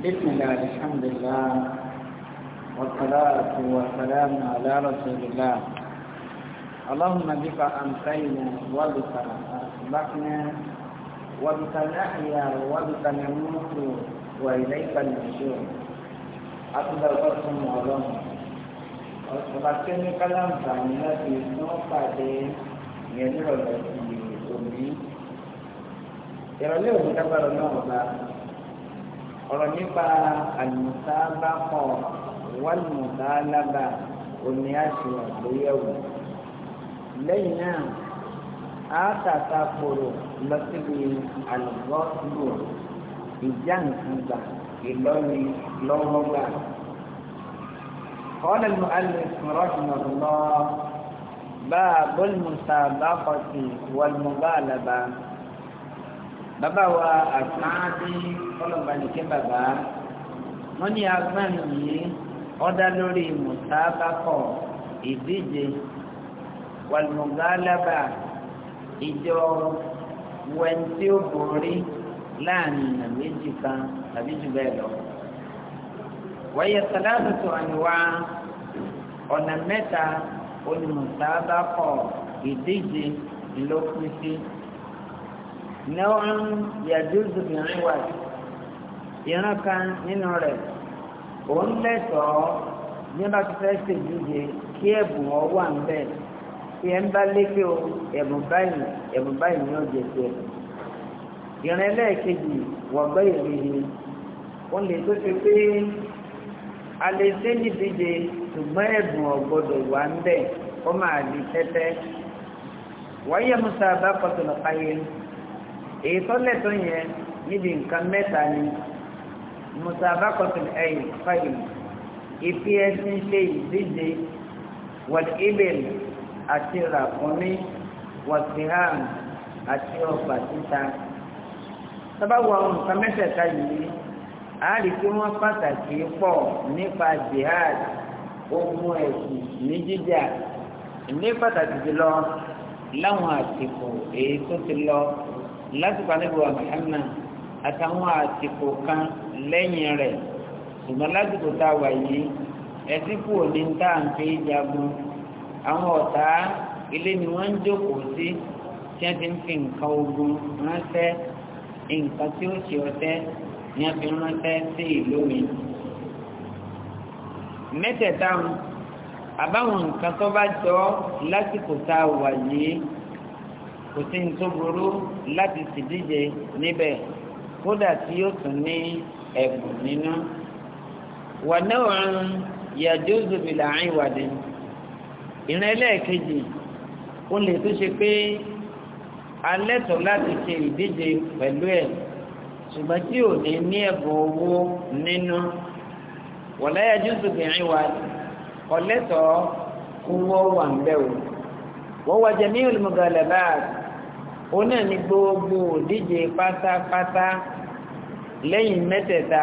بسم الله الحمد لله والصلاة والسلام على رسول الله اللهم بك أمسينا وبك أصبحنا وبك نحيا وبك نموت وإليك النشور أقدر قسم الله ọba tí ó ní kálánfà ní láti ní wọn pàdé yẹn nírọ̀lẹ́ ìrọ̀lẹ́ òkúta ọ̀rọ̀ nípa àlùsáàbàkọ̀ wàlùmùsáàlábà omi àṣẹ àgbéyẹ̀wò lẹ́yìn náà a tàta kòrò lọ síbi àlùbọ́sùlù ìjà nǹkan gbà ìlọrin lọ́wọ́ gbà. قال المؤلف رحمه الله باب المسابقة والمغالبة bàbá wa àtúnáàdì ọlọ́mọbanìkẹ́ bàbá wọ́n ní agbọ́n yìí ọ̀dá lórí mùsábàkọ̀ ìdíje wàlùmọ̀gálábà ìjọ wẹ̀ntí ó borí láàrin ìnà méjì kan tàbí jù bẹ́ẹ̀ lọ. wáyé sàlátùtù àníwá ọ̀nà mẹ́ta olùmùsábàkọ̀ ìdíje ló náà yàdúzù mìíràn wà ìran kan nínú rẹ̀ òun lẹ́tọ̀ọ́ ní bá ti fẹ́ ṣèjúde kí ẹ̀bùn ọ wà ń bẹ̀ kí ẹ ń bá lékè o ẹ̀bùn báyìí ẹ̀bùn báyìí ni ó jẹ tiẹ̀. ìran ẹlẹ́ẹ̀kejì wọ̀gbẹ́ ìrìnnì òun lè tó ṣe pé a lè ṣe nídíje ṣùgbọ́n ẹ̀bùn ọ̀gbọ́dọ̀ wà ń bẹ̀ ó èyí tó lẹ́tọ̀ níbi nǹkan mẹ́ta ni musabakotul ẹ̀yìn fáyìn ìfi ẹsìn ṣe ìdíje wàlíbèl àti ràkúnmí wàtíhàn àti ọ̀pá títa sábàwọ̀ àwọn nǹkan mẹ́tẹ̀ẹ̀ta yìí a rí kí wọ́n pàtàkì pọ̀ nípa jihad ohun ẹ̀sìn ní jíjà ní pàtàkì jùlọ láwọn àsìkò èyí tó ti lọ lásìkò àníbò Muhammad àtàwọn àsìkò kan lẹ́yìn rẹ̀ ṣùgbọ́n lásìkò tá a wà yìí ẹtí kù òní tá à ń fi jagun àwọn ọ̀tá ilé ni wọ́n ń jókòó sí tí wọ́n ti ń fi nǹkan ogun ránṣẹ́ nǹkan tí ó ṣe ọtẹ́ ni wọ́n fi ránṣẹ́ sí ìlú mi. mẹ́tẹ̀ẹ̀ta àbáwọn nǹkan tó bá jọ lásìkò tá a wà yìí kò sí ní tó burú láti ṣèdíje níbẹ̀ kódà tí yóò tún ní ẹ̀bùn nínú. wà náà yàjọ́ zòbìlà àìwádìí ìrìn ẹlẹ́ẹ̀kejì ó lè tó ṣe pé alẹ́tọ̀ láti ṣe ìdíje pẹ̀lú ẹ̀ ṣùgbọ́n tí ò ní ní ẹ̀bùn owó nínú wọ̀láyà jùsùbìnrin wa ọlẹ́tọ̀ kúwọ́ wà ń bẹ̀rù wọ́n wájẹ ní olùmọ̀gàlẹ̀ báyìí Ona ni gbogbo òdíje pátápátá lẹ́yìn mẹ́tẹ̀ẹ̀ta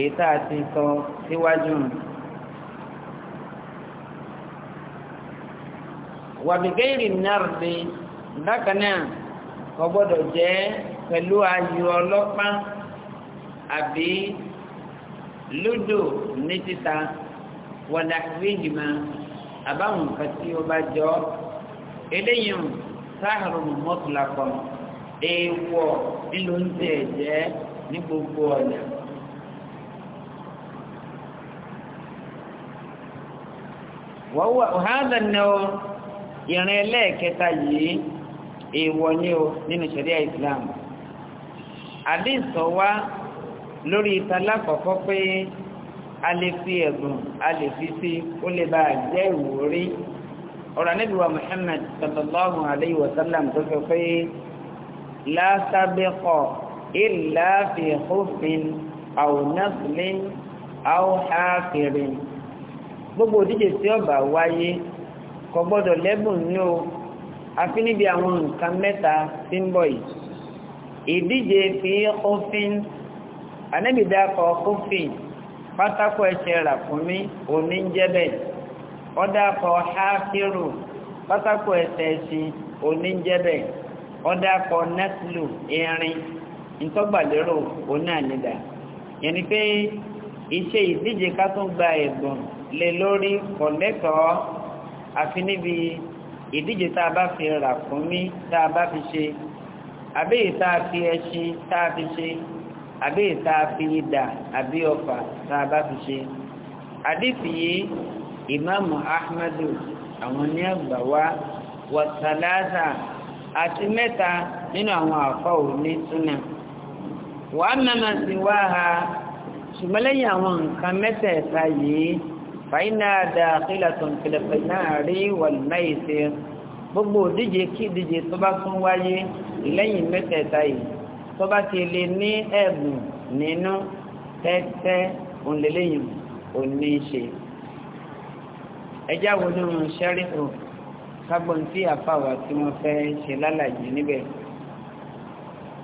èyí tá a ti sọ síwájú wàbígẹ́rì nàrdi bákan náà kò gbọ́dọ̀ jẹ́ pẹ̀lú ayò ọlọ́pàá àbí lúdò ní títa wọ̀dà fíjìmá àbáwọn nǹkan tí ó bá jọ eléyìí sáàrù mọ́tòlákọ̀ èèwọ̀ nílò ń tẹ̀ jẹ́ ní gbogbo ọ̀nà. wàhálà ni ó ìrìn ẹlẹ́ẹ̀kẹta yìí èèwọ̀ ni ó nínú ṣẹ̀ríà Islam àdéhùn wá lórí ìtàlá kọ̀ọ̀kọ́ pé a lè fi ẹ̀bùn a lè fi sí ó lè bá jẹ́ ìwúrí ọ̀rọ̀ anábìwá Muhammad sallallahu alayhi wa sallam tó fi pé la sabiqa illa fi khufin aw naslin aw hafirin gbogbo òdíje tí ó bá wáyé kò gbọ́dọ̀ lẹ́bùn ní o àfi níbi àwọn nǹkan mẹ́ta tí ń bọ̀ yìí ìdíje fi khufin anábìdá kọ khufin pátákó ẹsẹ̀ rà fún mi òní ń jẹ́ bẹ́ẹ̀. ọdàkọ hafiru pátákó ẹsẹ̀ ẹ̀sìn oníjẹ́bẹ̀ ọdàkọ nẹ́tìlù irin ntọ́gbàlérò onáàlídà yẹni pé iṣẹ́ ìdíje ká tún gba ẹ̀bùn lé lórí kọ̀lẹ́tọ̀ọ́ àfi níbi ìdíje tá a bá fi rà fún mi tá a bá fi ṣe àbí ìta fi ẹṣin tá fi ìmáàmù ahmadu àwọn ní àgbà wá wàtàláàtà àti mẹ́ta nínú àwọn àfọ́ òní súnà wàá mẹ́mà sí wá ha ṣùgbọ́n lẹ́yìn àwọn nǹkan mẹ́tẹ̀ẹ̀ta yìí fàínà dàkílà tó ń pèlèpè náà rí wàlúmáìsì gbogbo ní ṣe ẹjá wo ló ń ṣẹ́rífù kágbọ́n tí àfàwà tí wọ́n fẹ́ ṣe lálàyé níbẹ̀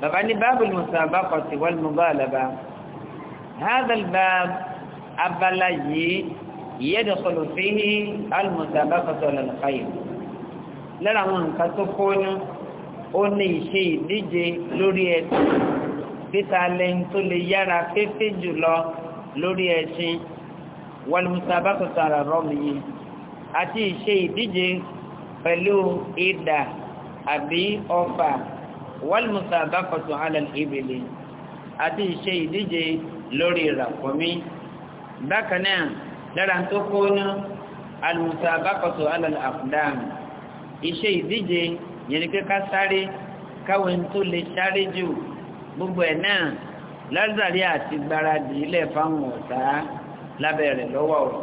bàbá ní báàbù musabaqati wal mughalaba hadha al-bab abala yìí yadkhulu fihi al-musabaqatu ala al-khayr lára àwọn nǹkan tó kó ní ó ní ìṣe ìdíje lórí ẹ̀sìn títa lẹ́yìn tó lè yára fẹ́fẹ́ jùlọ lórí ẹ̀sìn wal musabaqatu ala ar-ramy àti ìṣe ìdíje pẹ̀lú ìdà àbí ọfà wàlùmùsà àbáfọ̀tò alal ìbìlì àti ìṣe ìdíje lórí ìràpọ̀mí bákan náà lára tó kó ní alùmùsà àbáfọ̀tò alal àfúdàm ìṣe ìdíje yẹn ni pé ká sáré káwọn tó lè sáré jù gbogbo ẹ̀ náà lázàrí àti gbáradì ilẹ̀ fáwọn ọ̀tá lábẹ́ lọ́wọ́ ọ̀rọ̀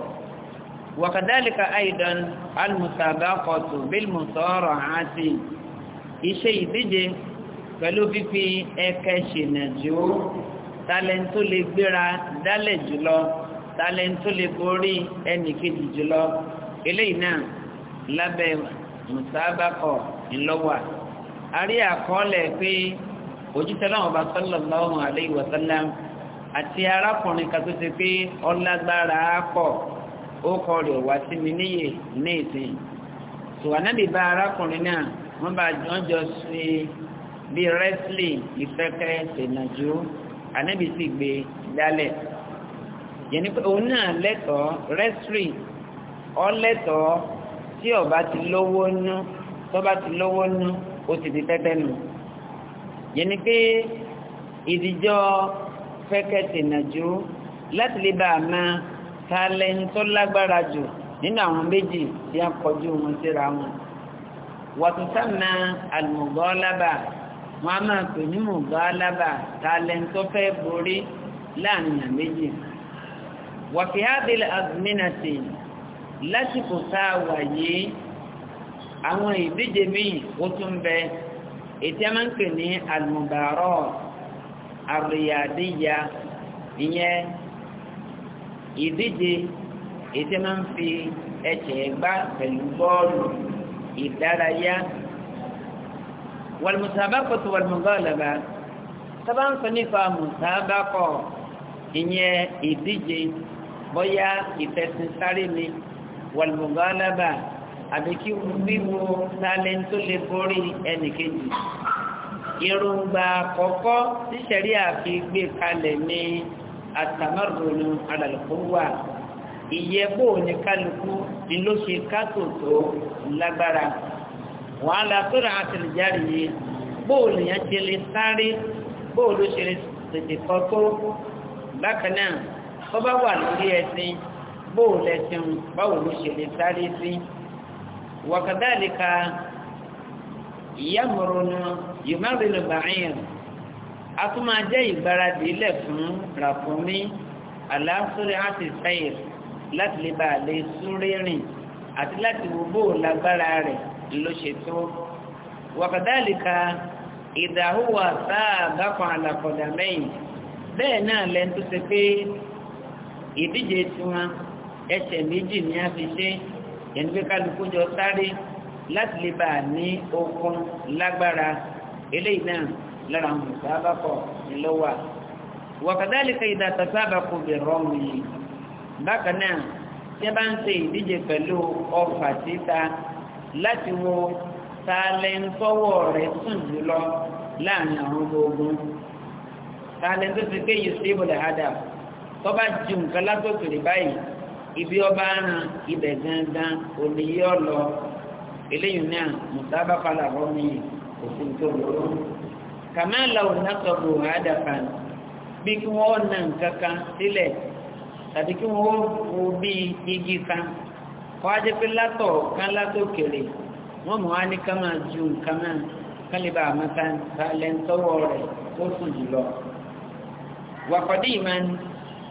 وكذلك أيضا المسابقة بالمصارعة iṣẹ́ ìdíje pẹ̀lú fífi ẹ̀kẹ́ ṣìnàjú tálẹ́ntó lè gbéra dálẹ̀ jùlọ tálẹ́ntó lè borí ẹnìkejì jùlọ eléyìí náà lábẹ́ musabakọ̀ ńlọ́wà àrí àkọọ́lẹ̀ pé òjíṣẹ́ náà ọba sallallahu alaihi wasallam àti arákùnrin kan tó ti pé ọlágbára pọ̀ ó kọ rẹ̀ wá sí mi níyè ní ìsìn tó ànábì bá arákùnrin náà wọ́n bá jọ sí bí wrestling ìfẹ́kẹ́ tẹ̀nàjú ànábì sì gbé dálẹ̀ yẹni pé òun náà lẹ́tọ̀ọ́ wrestling ọ lẹ́tọ̀ọ́ tí ọba ti lówó nú tọ́ba ti lówó nú ó ti di nù yẹni pé ìdíjọ́ fẹ́kẹ́ tẹ̀nàjú láti lè bá a máa ta lẹni tó lágbára jù nínú àwọn méjì tí a kọjú wọn síra wọn wàtúntàmà àlùmọ̀gọ́lábà wọn a máa pè ní mọ̀gọ́lábà ta lẹni tó fẹ́ borí láàrin àwọn méjì wàfíhábìlì azmínàtì lásìkò tá a wà yìí àwọn ìdíje míì ó tún bẹ ètí a máa ń pè ní àlùmọ̀gọ́rọ̀ àrùyàdíyà ìyẹn ìdíje ètè máa ń fi ẹ̀jẹ̀ gbá pẹ̀lú bọ́ọ̀lù ìdárayá wàlùmùsàbákọ̀tù wàlùmùgbàlàbà sábà ń sọ nípa mùsàbákọ̀ ìyẹn ìdíje bóyá ìfẹsìnsáré ni wàlùmùgbàlàbà àbí kí wíwo talent tó lè borí ẹnìkejì èròǹgbà àkọ́kọ́ tíṣẹ̀rí àfi gbé kalẹ̀ ní àtàmọ́rùn alàlùkọ́wà ìyẹ́pò ní kálukú ní ló ṣe kátó tó lágbára wọ́n á látọ́rọ̀ àtìlẹ̀járe yìí bóòlù yẹn ti lè sáré bóòlù ṣe lè tètè kọ́ tó bákan tó bá wà lórí ẹsìn bóòlù ẹsìn báwo ló ṣe lè sáré sí wàkàdálìka ìyá mọ̀rọ̀nù yìí má rí a tún máa jẹ́ ìgbáradì ilẹ̀ fún ràfúnmí aláṣúrí àti sẹ́yìn láti lè bá lè súré rìn àti láti wo bó lágbára rẹ̀ ló ṣe tó wàkàdálìka ìdáhùwà sáà bákan àlàkọ̀dà mẹ́yìn bẹ́ẹ̀ náà lẹ́nu tó ṣe pé ìdíje tiwọn ẹsẹ̀ méjì ni a fi ṣe ẹni pé kálukú jọ sáré láti lè bá ní okun lágbára eléyìí náà lára àwọn ìsábàkọ̀ ìlọ́wà wọ̀kàdálìkà ìdàtàsábàkọ̀ bẹ̀rọ̀mù yìí bákan náà tí a bá ń ṣe ìdíje pẹ̀lú ọfà títa láti wo tààlẹ́ńtọ́wọ́ rẹ̀ sùn jùlọ láàrin àwọn ogun tààlẹ́ńtọ́ ti ké yìí sí ibùdó adam tó bá ju nǹkan látòkèrè báyìí ibi ọba ń ibẹ̀ gangan òní yìí ọ̀ eléyìí náà mùsábà padà rọ́ mi òfin tó lọ́wọ́ kàmẹ́lá ònàkọ̀bù àádàfà bí kí wọ́n nà nǹkankan sílẹ̀ tàbí kí wọ́n wo bí igi kan wọ́n á jẹ́ pé látọ̀ kan látò kèrè wọ́n mọ̀ á ní ká máa ju nǹkan náà kálíbà àmọ́ta lẹ́ńtọ́wọ́ rẹ̀ ó sùn jùlọ wàkọ̀dìmán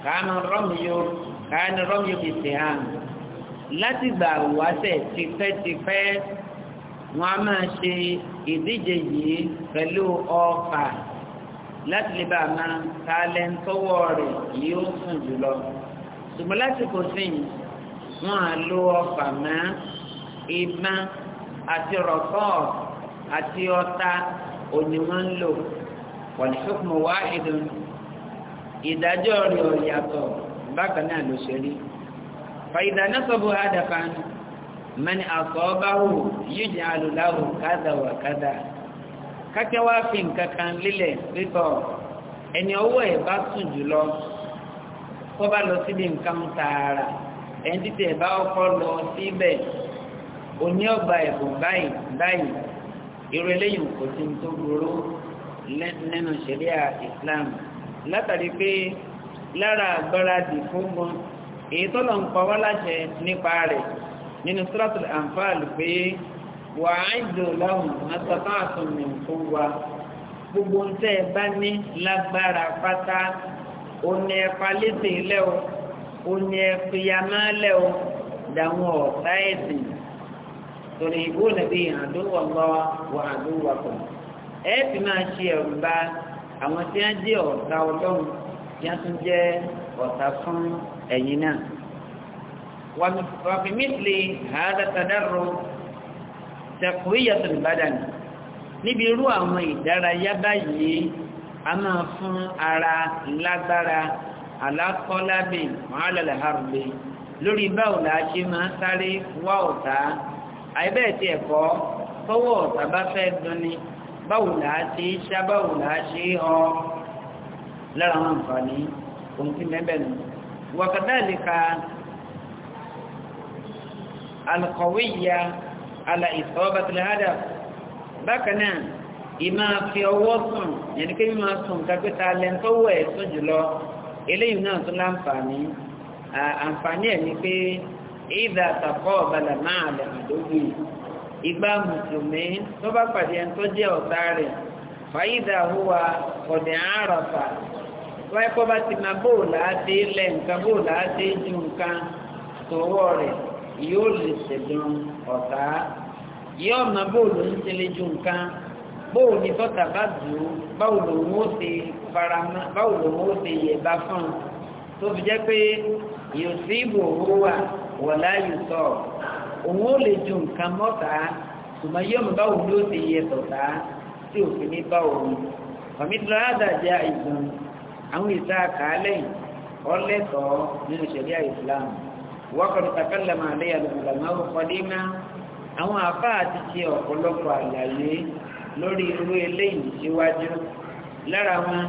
kàánà rọ́mìyó kàánà rọ́mìyó fi sèhàn láti gbà wáṣẹ̀ tipẹ́tipẹ́ wọ́n á máa ṣe ìdíje yìí pẹ̀lú ọfà láti lè bá máa taalẹ̀ ń tọ́wọ́ rẹ̀ yìí ó sùn jùlọ ṣùgbọ́n lásìkò sìn wọ́n á lo ọfà mọ́ ìbọn àti rọ̀kọ́ àti ọta òní wọ́n ń lò wal-hukmu wāḥidun ìdájọ́ rẹ̀ ò yàtọ̀ bákan náà ló ṣe rí fàyídà náà sọ bó hádàfà nù mẹ́ni àkọ́ọ́báwò yíjì alùláwò kádà wà kádà kákẹ́ wá fi nǹkan kan lílẹ̀ pípọ̀ ẹni ọwọ́ ẹ̀ bá sùn jùlọ kó bá lọ síbi nǹkan tààrà ẹni títí ẹ̀ bá ọkọ lọ síbẹ̀ òní ọgbà ẹ̀bùn báyìí báyìí irú eléyìí kò sí tó burú nínú ṣẹ̀ríà Islam látàrí pé lára agbára dì fún wọn èyí tó lọ ń pa wá láṣẹ nípa rẹ̀ nínú suratul Anfal pé wà á jò láhùn àtàkà àtúnmí fún wa gbogbo ń tẹ́ ẹ bá ní lágbára pátá òní ẹ̀fà létè lẹ́ o òní ẹ̀fìyàmá lẹ́ o dàwọn ọ̀tá ẹ̀sìn torí ìbò nàbí àdúgbò lọ wà àdúgbò kọ ẹ fi máa ṣe ẹ̀rù bá àwọn tí wọ́n jẹ́ ọ̀tá ọlọ́run tí wọ́n tún jẹ́ ọ̀tá fún ẹ̀yin náà. وفي مثل هذا التدرج تقوية البدن níbi irú àwọn ìdárayá báyìí a máa fún ara lágbára alákọ́lábì mọ́álàlàhàrùbẹ̀ lórí báwo la ṣe máa sáré wá ọ̀tá àìbẹ̀ẹ̀tì ẹ̀kọ́ tọ́wọ́ ọ̀tá bá fẹ́ dunni báwo la ṣe ṣá báwo la ṣe ọ lára wọn àǹfààní ohun tí القوية على إصابة الهدف بكنا إما في أوصن يعني كما أصن كبتا لن توي سجلو إلي يناس الأنفاني أنفاني يعني في إذا تقابل مع العدو ìgbà mùsùlùmí tó bá pàdé ẹni tó jẹ́ ọ̀tá rẹ̀ fàyídà hùwà ọ̀dẹ̀ àràfà wáyé kọ́ bá ti máa bóòlù á dé lẹ̀ nǹkan á dé ju nǹkan tòwọ́ rẹ̀ yóò lè ṣẹ̀dùn ọ̀tá yóò mọ bóòlù ń tẹ́lẹ̀ ju nǹkan bóòlù ní tọ́ta bá dùn báwo lòun ó ṣe faramọ́ báwo lòun ó ṣe yẹ̀bá fún un tó fi jẹ́ pé yóò sí ìbò owó wà wọ̀lá yóò sọ òun ó lè ju nǹkan mọ́ta ṣùgbọ́n yóò mọ báwo ló ṣe yẹ tọ̀tá tí òfin ní báwo ni àdàjẹ́ àìsàn àwọn ìta àkàálẹ̀ ọlẹ́tọ̀ọ́ nínú ṣẹ̀ríà ìsìláàmù وقد تكلم عليها العلماء قديما àwọn àfá àti ṣe ọ̀pọ̀lọpọ̀ àlàyé lórí irú eléyìí síwájú lára wọn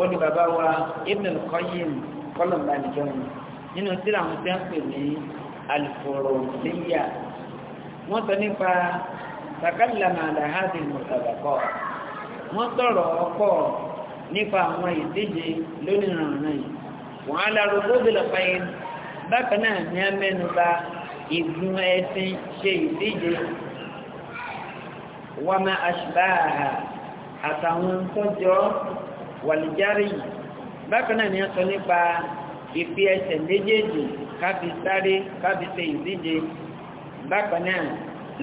ó ní bàbá wa Ibn al-Qayyim kọlọ̀mbà nìjọba nínú tíra wọn tí wọ́n pè ní al-Furu'iyya wọ́n sọ nípa takallama ala hadhihi al-musabaqat wọ́n sọ̀rọ̀ ọkọ̀ nípa àwọn ìdíje lónìí rànran yìí wọ́n á lárúgbó bí lọ́pàá yìí bákan náà ní a mẹ́nuba ìgun ẹṣin ṣe ìdíje wàmà àṣìbáà àtàwọn tọ́jọ́ wàlìjárì bákan náà ni a sọ nípa ìfi ẹsẹ̀ méjèèjì kábi sáré kábi ṣe ìdíje bákan náà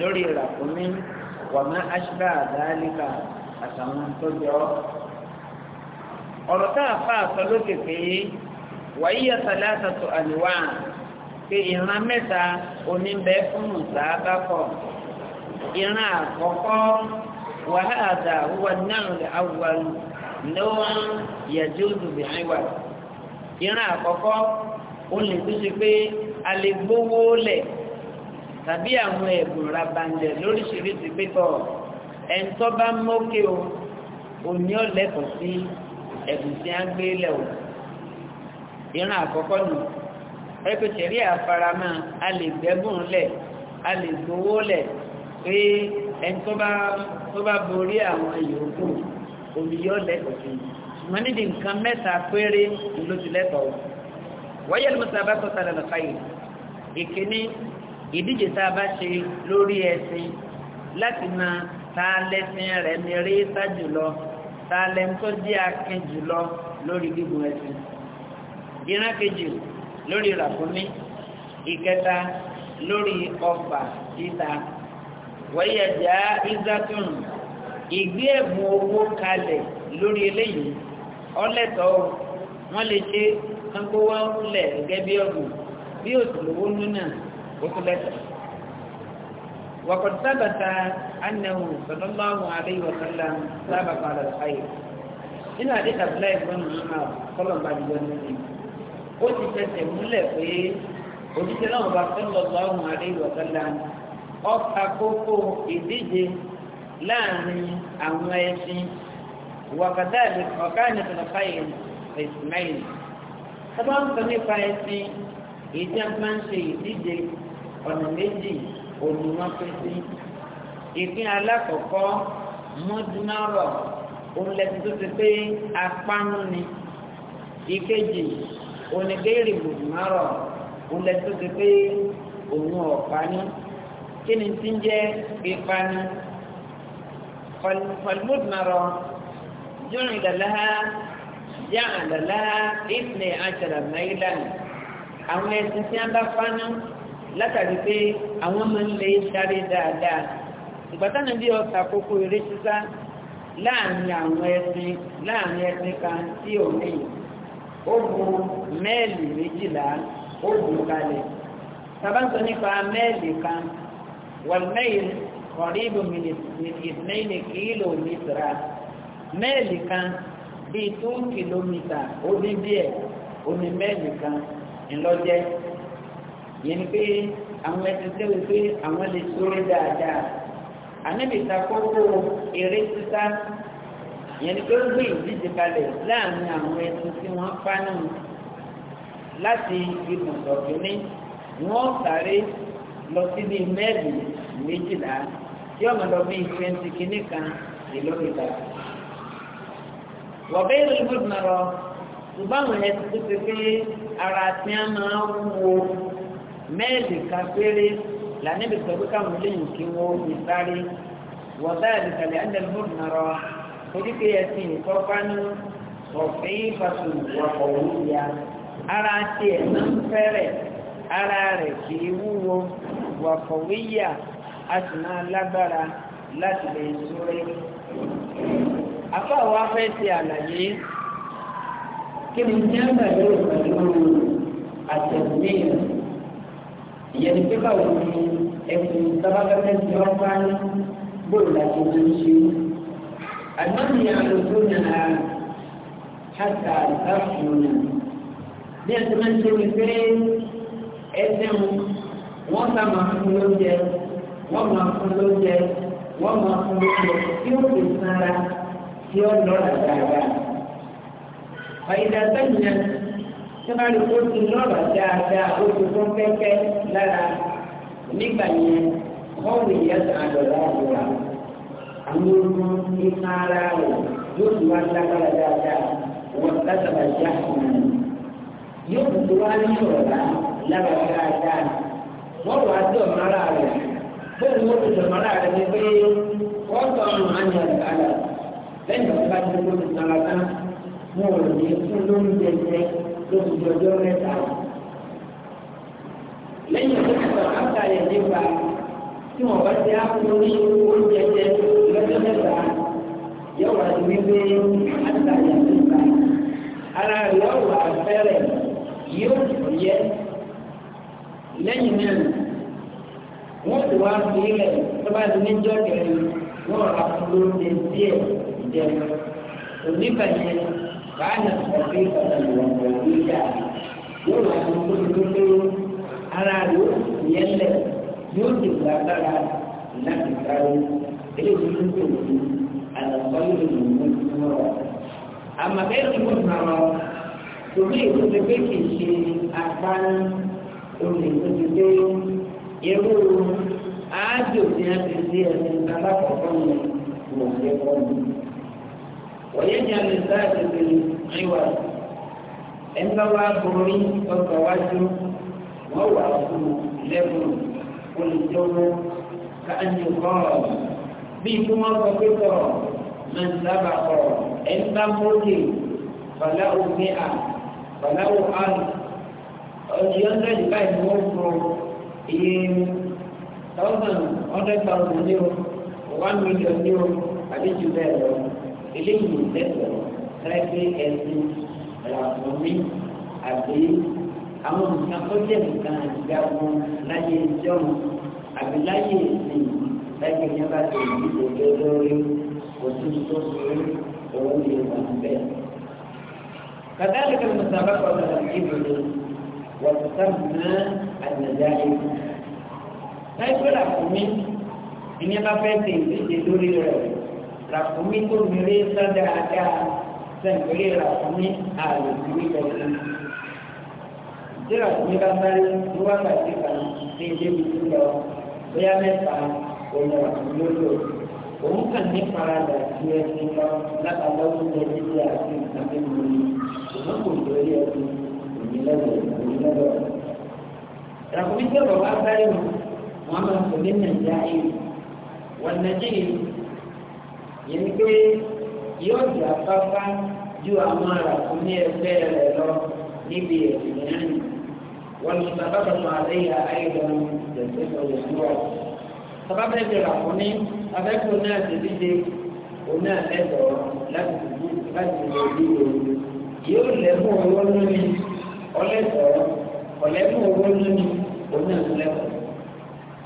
lórí ìràkúnmí wàmà àṣìbáà dáálíkà àtàwọn tọ́jọ́ ọ̀rọ̀ táà fà sọ lókè pé wàyíyà sàlásà tó àlùwà pé ìran mẹ́ta oníbẹ̀ fún mùsàábàkọ̀ ìran àkọ́kọ́ wàhálà wà náà lè awàlù lọ́wọ́n yàjọ́dù bí àìwà ìran àkọ́kọ́ ó lè tó ṣe pé a lè gbówó lẹ̀ tàbí àwọn ẹ̀bùn rabandẹ̀ lóríṣiríṣi pẹ́tọ̀ ẹ̀ńtọ́ bá mọ́kẹ́ o òní ọ̀lẹ́kọ̀ọ́ sí ẹ̀bùn tí a ń gbé lẹ̀ wọ̀ ìran àkọ́kọ́ nù ẹgbẹ́ tẹ̀rí àfaramọ́ a lè gbẹ́bùn lẹ̀ a lè gbowó lẹ̀ pé ẹni tó bá borí àwọn yòókù olùyọ́ lẹ́kọ̀ọ́ sí ṣùgbọ́n níbi nǹkan mẹ́ta péré ló ti lẹ́kọ̀ọ́ wáyé lọ́sà bá tọ́ta lọ́nà fáyé ìkíní ìdíje tá a bá ṣe lórí ẹ̀sìn láti máa ta lẹ́sìn rẹ̀ ní rí sá jùlọ ta lẹ́ńtọ́ jẹ́ akin jùlọ lórí gbígun ẹ̀sìn ìran kejì lórí ràkúnmí ìkẹta lórí ọfà títa wẹ́yẹ̀dá ìzátún ìgbé ẹ̀bùn owó kalẹ̀ lórí eléyìí ọlẹ́tọ̀ wọ́n lè ṣe kánkó wá lẹ̀ gẹ́gẹ́ bí ọ̀gùn bí òtùlówó nínà ó tún lẹ́tọ̀ وقد ثبت أنه صلى الله عليه وسلم سابق على الخير إن حديث أبلاء بن عمر صلى ó ti fẹsẹ̀ múlẹ̀ pé òṣìṣẹ́ náà bá sọ́lọ́lọ́ ọ̀hún àríwọ̀sọ́lá ọ̀ka kókó ìdíje láàrin àwọn ẹṣin wàkàtà ọ̀ká ìnìkànlọ́fàyè ìsìmáìlì sábà ń sọ nípa ẹṣin èyí a máa ń ṣe ìdíje ọ̀nà méjì olùmọ́pẹ́sí ìpín alákọ̀ọ́kọ́ mọ́dúnárọ̀ òun lẹ́sìn ti pé apánú ni ìkejì onígbèrè gbòdùmárọ̀ olè tó ti pé òun ọ̀pání kí ni ti ń jẹ́ ìpani fọlùmọ́dùmárọ̀ jọ́rìn lọ́láha jọ́rìn lọ́láha ìpínlẹ̀ àṣàrà náírà àwọn ẹ̀sìn tí a bá fánú látàrí pé àwọn máa ń lè sáré dáadáa ìgbàtánà bí ọ̀sà kókó eré sísá láàrin àwọn ẹ̀sìn láàrin ẹ̀sìn kan sí òun èyí ó bu mẹ́ẹ̀lì méjìlá ó bu kalẹ̀ sábàtọ̀ nípa mẹ́ẹ̀lì kan wàlmẹ́yìn kọ̀rìbù mìlìtìmẹ́lì kìlómítà mẹ́ẹ̀lì kan bíi tó kìlómítà ó ní díẹ̀ ó ní mẹ́ẹ̀lì kan ńlọ́jẹ́ yẹn ni pé àwọn ẹsẹ̀ sẹ́wọ̀n pé àwọn lè sórí dáadáa àníbi ìtakókò eré sísá ìyẹn ni pé ó gbé ìdíje kalẹ̀ láàrin àwọn ẹni tí wọ́n fánú láti ibùsọ̀ kìíní wọ́n sáré lọ sí bí mẹ́ẹ̀lì méjìlá tí ọmọ lọ bí twenty kìíní kan kìlómítà. wọ̀bẹ́ ìlú ìbùdókòrò ṣùgbọ́n àwọn ẹni tó ti pé ara tí a máa ń wo mẹ́ẹ̀lì kan péré lànà ìbùsọ̀ pé káwọn olóyìn kí wọ́n fi sáré wọ́n sáré kalẹ̀ ẹ̀ torí pé ẹ̀sìn nìkan bá ní ọ̀fẹ́ ìfàṣù wàpọ̀ òwúya ara ti ẹ̀ ń fẹ́rẹ̀ ara rẹ̀ kì í wúwo wàpọ̀ wíyà a sì máa lágbára láti lè súré afáwọ́ afẹ́ ti àlàyé kí ni jẹ́ pẹ̀lú pẹ̀lú àtẹ̀lẹ́yìn ìyẹn pípa òní ẹ̀sìn tábàkẹ́tẹ̀ tí wọ́n bá ní bóòlù àti ìdíjú أنهم يعرفونها حتى يفرحون ní ẹsẹ̀ máa ń ṣe wípé ẹsẹ̀ wọn sá máa fún lóúnjẹ wọ́n máa fún lóúnjẹ wọ́n máa fún lóúnjẹ tí ó lè sanra tí ó lọ́ra dáadáa. àyíká sẹ́yìn náà tí wọ́n lè kó ti lọ́ra dáadáa ó ti fún kẹ́kẹ́ lára nígbà yẹn wọ́n lè yẹ sàn àdọ̀dọ̀ àdúrà ìlú iná ara rẹ̀ yóò ti wá lágbára dáadáa wọ́n lásàbà já ọ̀nà yóò ti ti wá ní ọ̀la lágbára dáadáa wọ́n wá sí ọ̀nà ara rẹ̀ bẹ́ẹ̀ ni wọ́n ti sọ̀rọ̀ ara rẹ̀ ni pé wọ́n sọ ọ̀nà àyà àlà lẹ́yìn tó bá ti kó ti sọ̀rọ̀ tán wọn ò ní fún lórí jẹjẹ lórí jọjọ mẹ́ta lẹ́yìn tó ti sọ̀rọ̀ àbúrò rẹ̀ nípa tí wọ́n bá ti á fún ní oúnjẹ jẹ lọ́jọ́ mẹ́ta yóò wá sí wípé àtàyà mẹ́ta ara rẹ̀ yóò wà fẹ́rẹ̀ yóò yẹ lẹ́yìn náà wọ́n ti wá sí ilẹ̀ tó bá ti ní jọ́kẹ̀rì wọ́n rà fún lóúnjẹ díẹ̀ jẹ oníbàyẹ báyà ọ̀gbẹ́ ìgbàlódé ọ̀gbẹ́ ìgbà yóò wá sí wípé ara rẹ̀ yóò yẹ lẹ́yìn yóò lè lágbára láti sáré eléyìí ló ń tò ní àlàkọ́ yóò lè mú mọ́ra. àmàbẹ́ ti mú mọ́ra torí èso ti pé kì í ṣe agbára olè tó ti pé irú ájò tí a ti ṣe ẹni alákọ̀ọ́kọ́ ni mo ṣe kọ́ mi. wọ́yẹ́ ní alẹ́ sáà ti ṣe ríwá ẹ̀ńtọ́wá borí wájú wọ́n wà fún lẹ́bùrù. والجمع كأن يقال بكما فكر من سبق إن موتي فله مئة فله ألف ọ̀dìyànjẹ́ ìgbà ìwọ̀n fún iye thousand hundred thousand ní o one million ní o àbí jù bẹ́ẹ̀ lọ eléyìí lẹ́sọ̀ọ́ láìpẹ́ ẹ̀sìn ràfùnmí àbí àwọn nǹkan tó jẹ́ nǹkan ìjagun láyé ìjọun àbí láyé ìsìn láyé ìyẹn bá ti rí òjò lórí òtún tó sórí òun lè wà níbẹ̀. كذلك المسابقة الإبل وتسمى النجائب لا يقول أقومي إني ما فاتي في دوري رقمي كل مريسة دعاء سنقري رقمي على الجوية tíra ní ká sáré ní wákàtí kan ní ilé ìlú lọ bóyá mẹ́ta òun lójó òun kàn ní farada sí ẹni lọ látàlọ́ oúnjẹ títí àti ìtàkì mi òun kò lórí ẹni òmìnirọ̀ òmìnirọ̀. ìràkùnrin tí ọ̀rọ̀ wá sáré mu wọn máa ń ní nàìjíríà yìí wọn nàìjíríà yìí pé yóò di afáfá ju àwọn àràkùnrin ẹgbẹ́ rẹ̀ lọ níbi ẹ̀sìn náà والمستقبة عليها أيضا جلسة الأسبوع سبب الجرافوني أبقى الناس تجد هنا لدى láti lè rí ooru yóò lẹ́mú owó lómi ọlẹ́sọ̀ọ́ ọ̀lẹ́mú owó lómi onílẹ̀kùn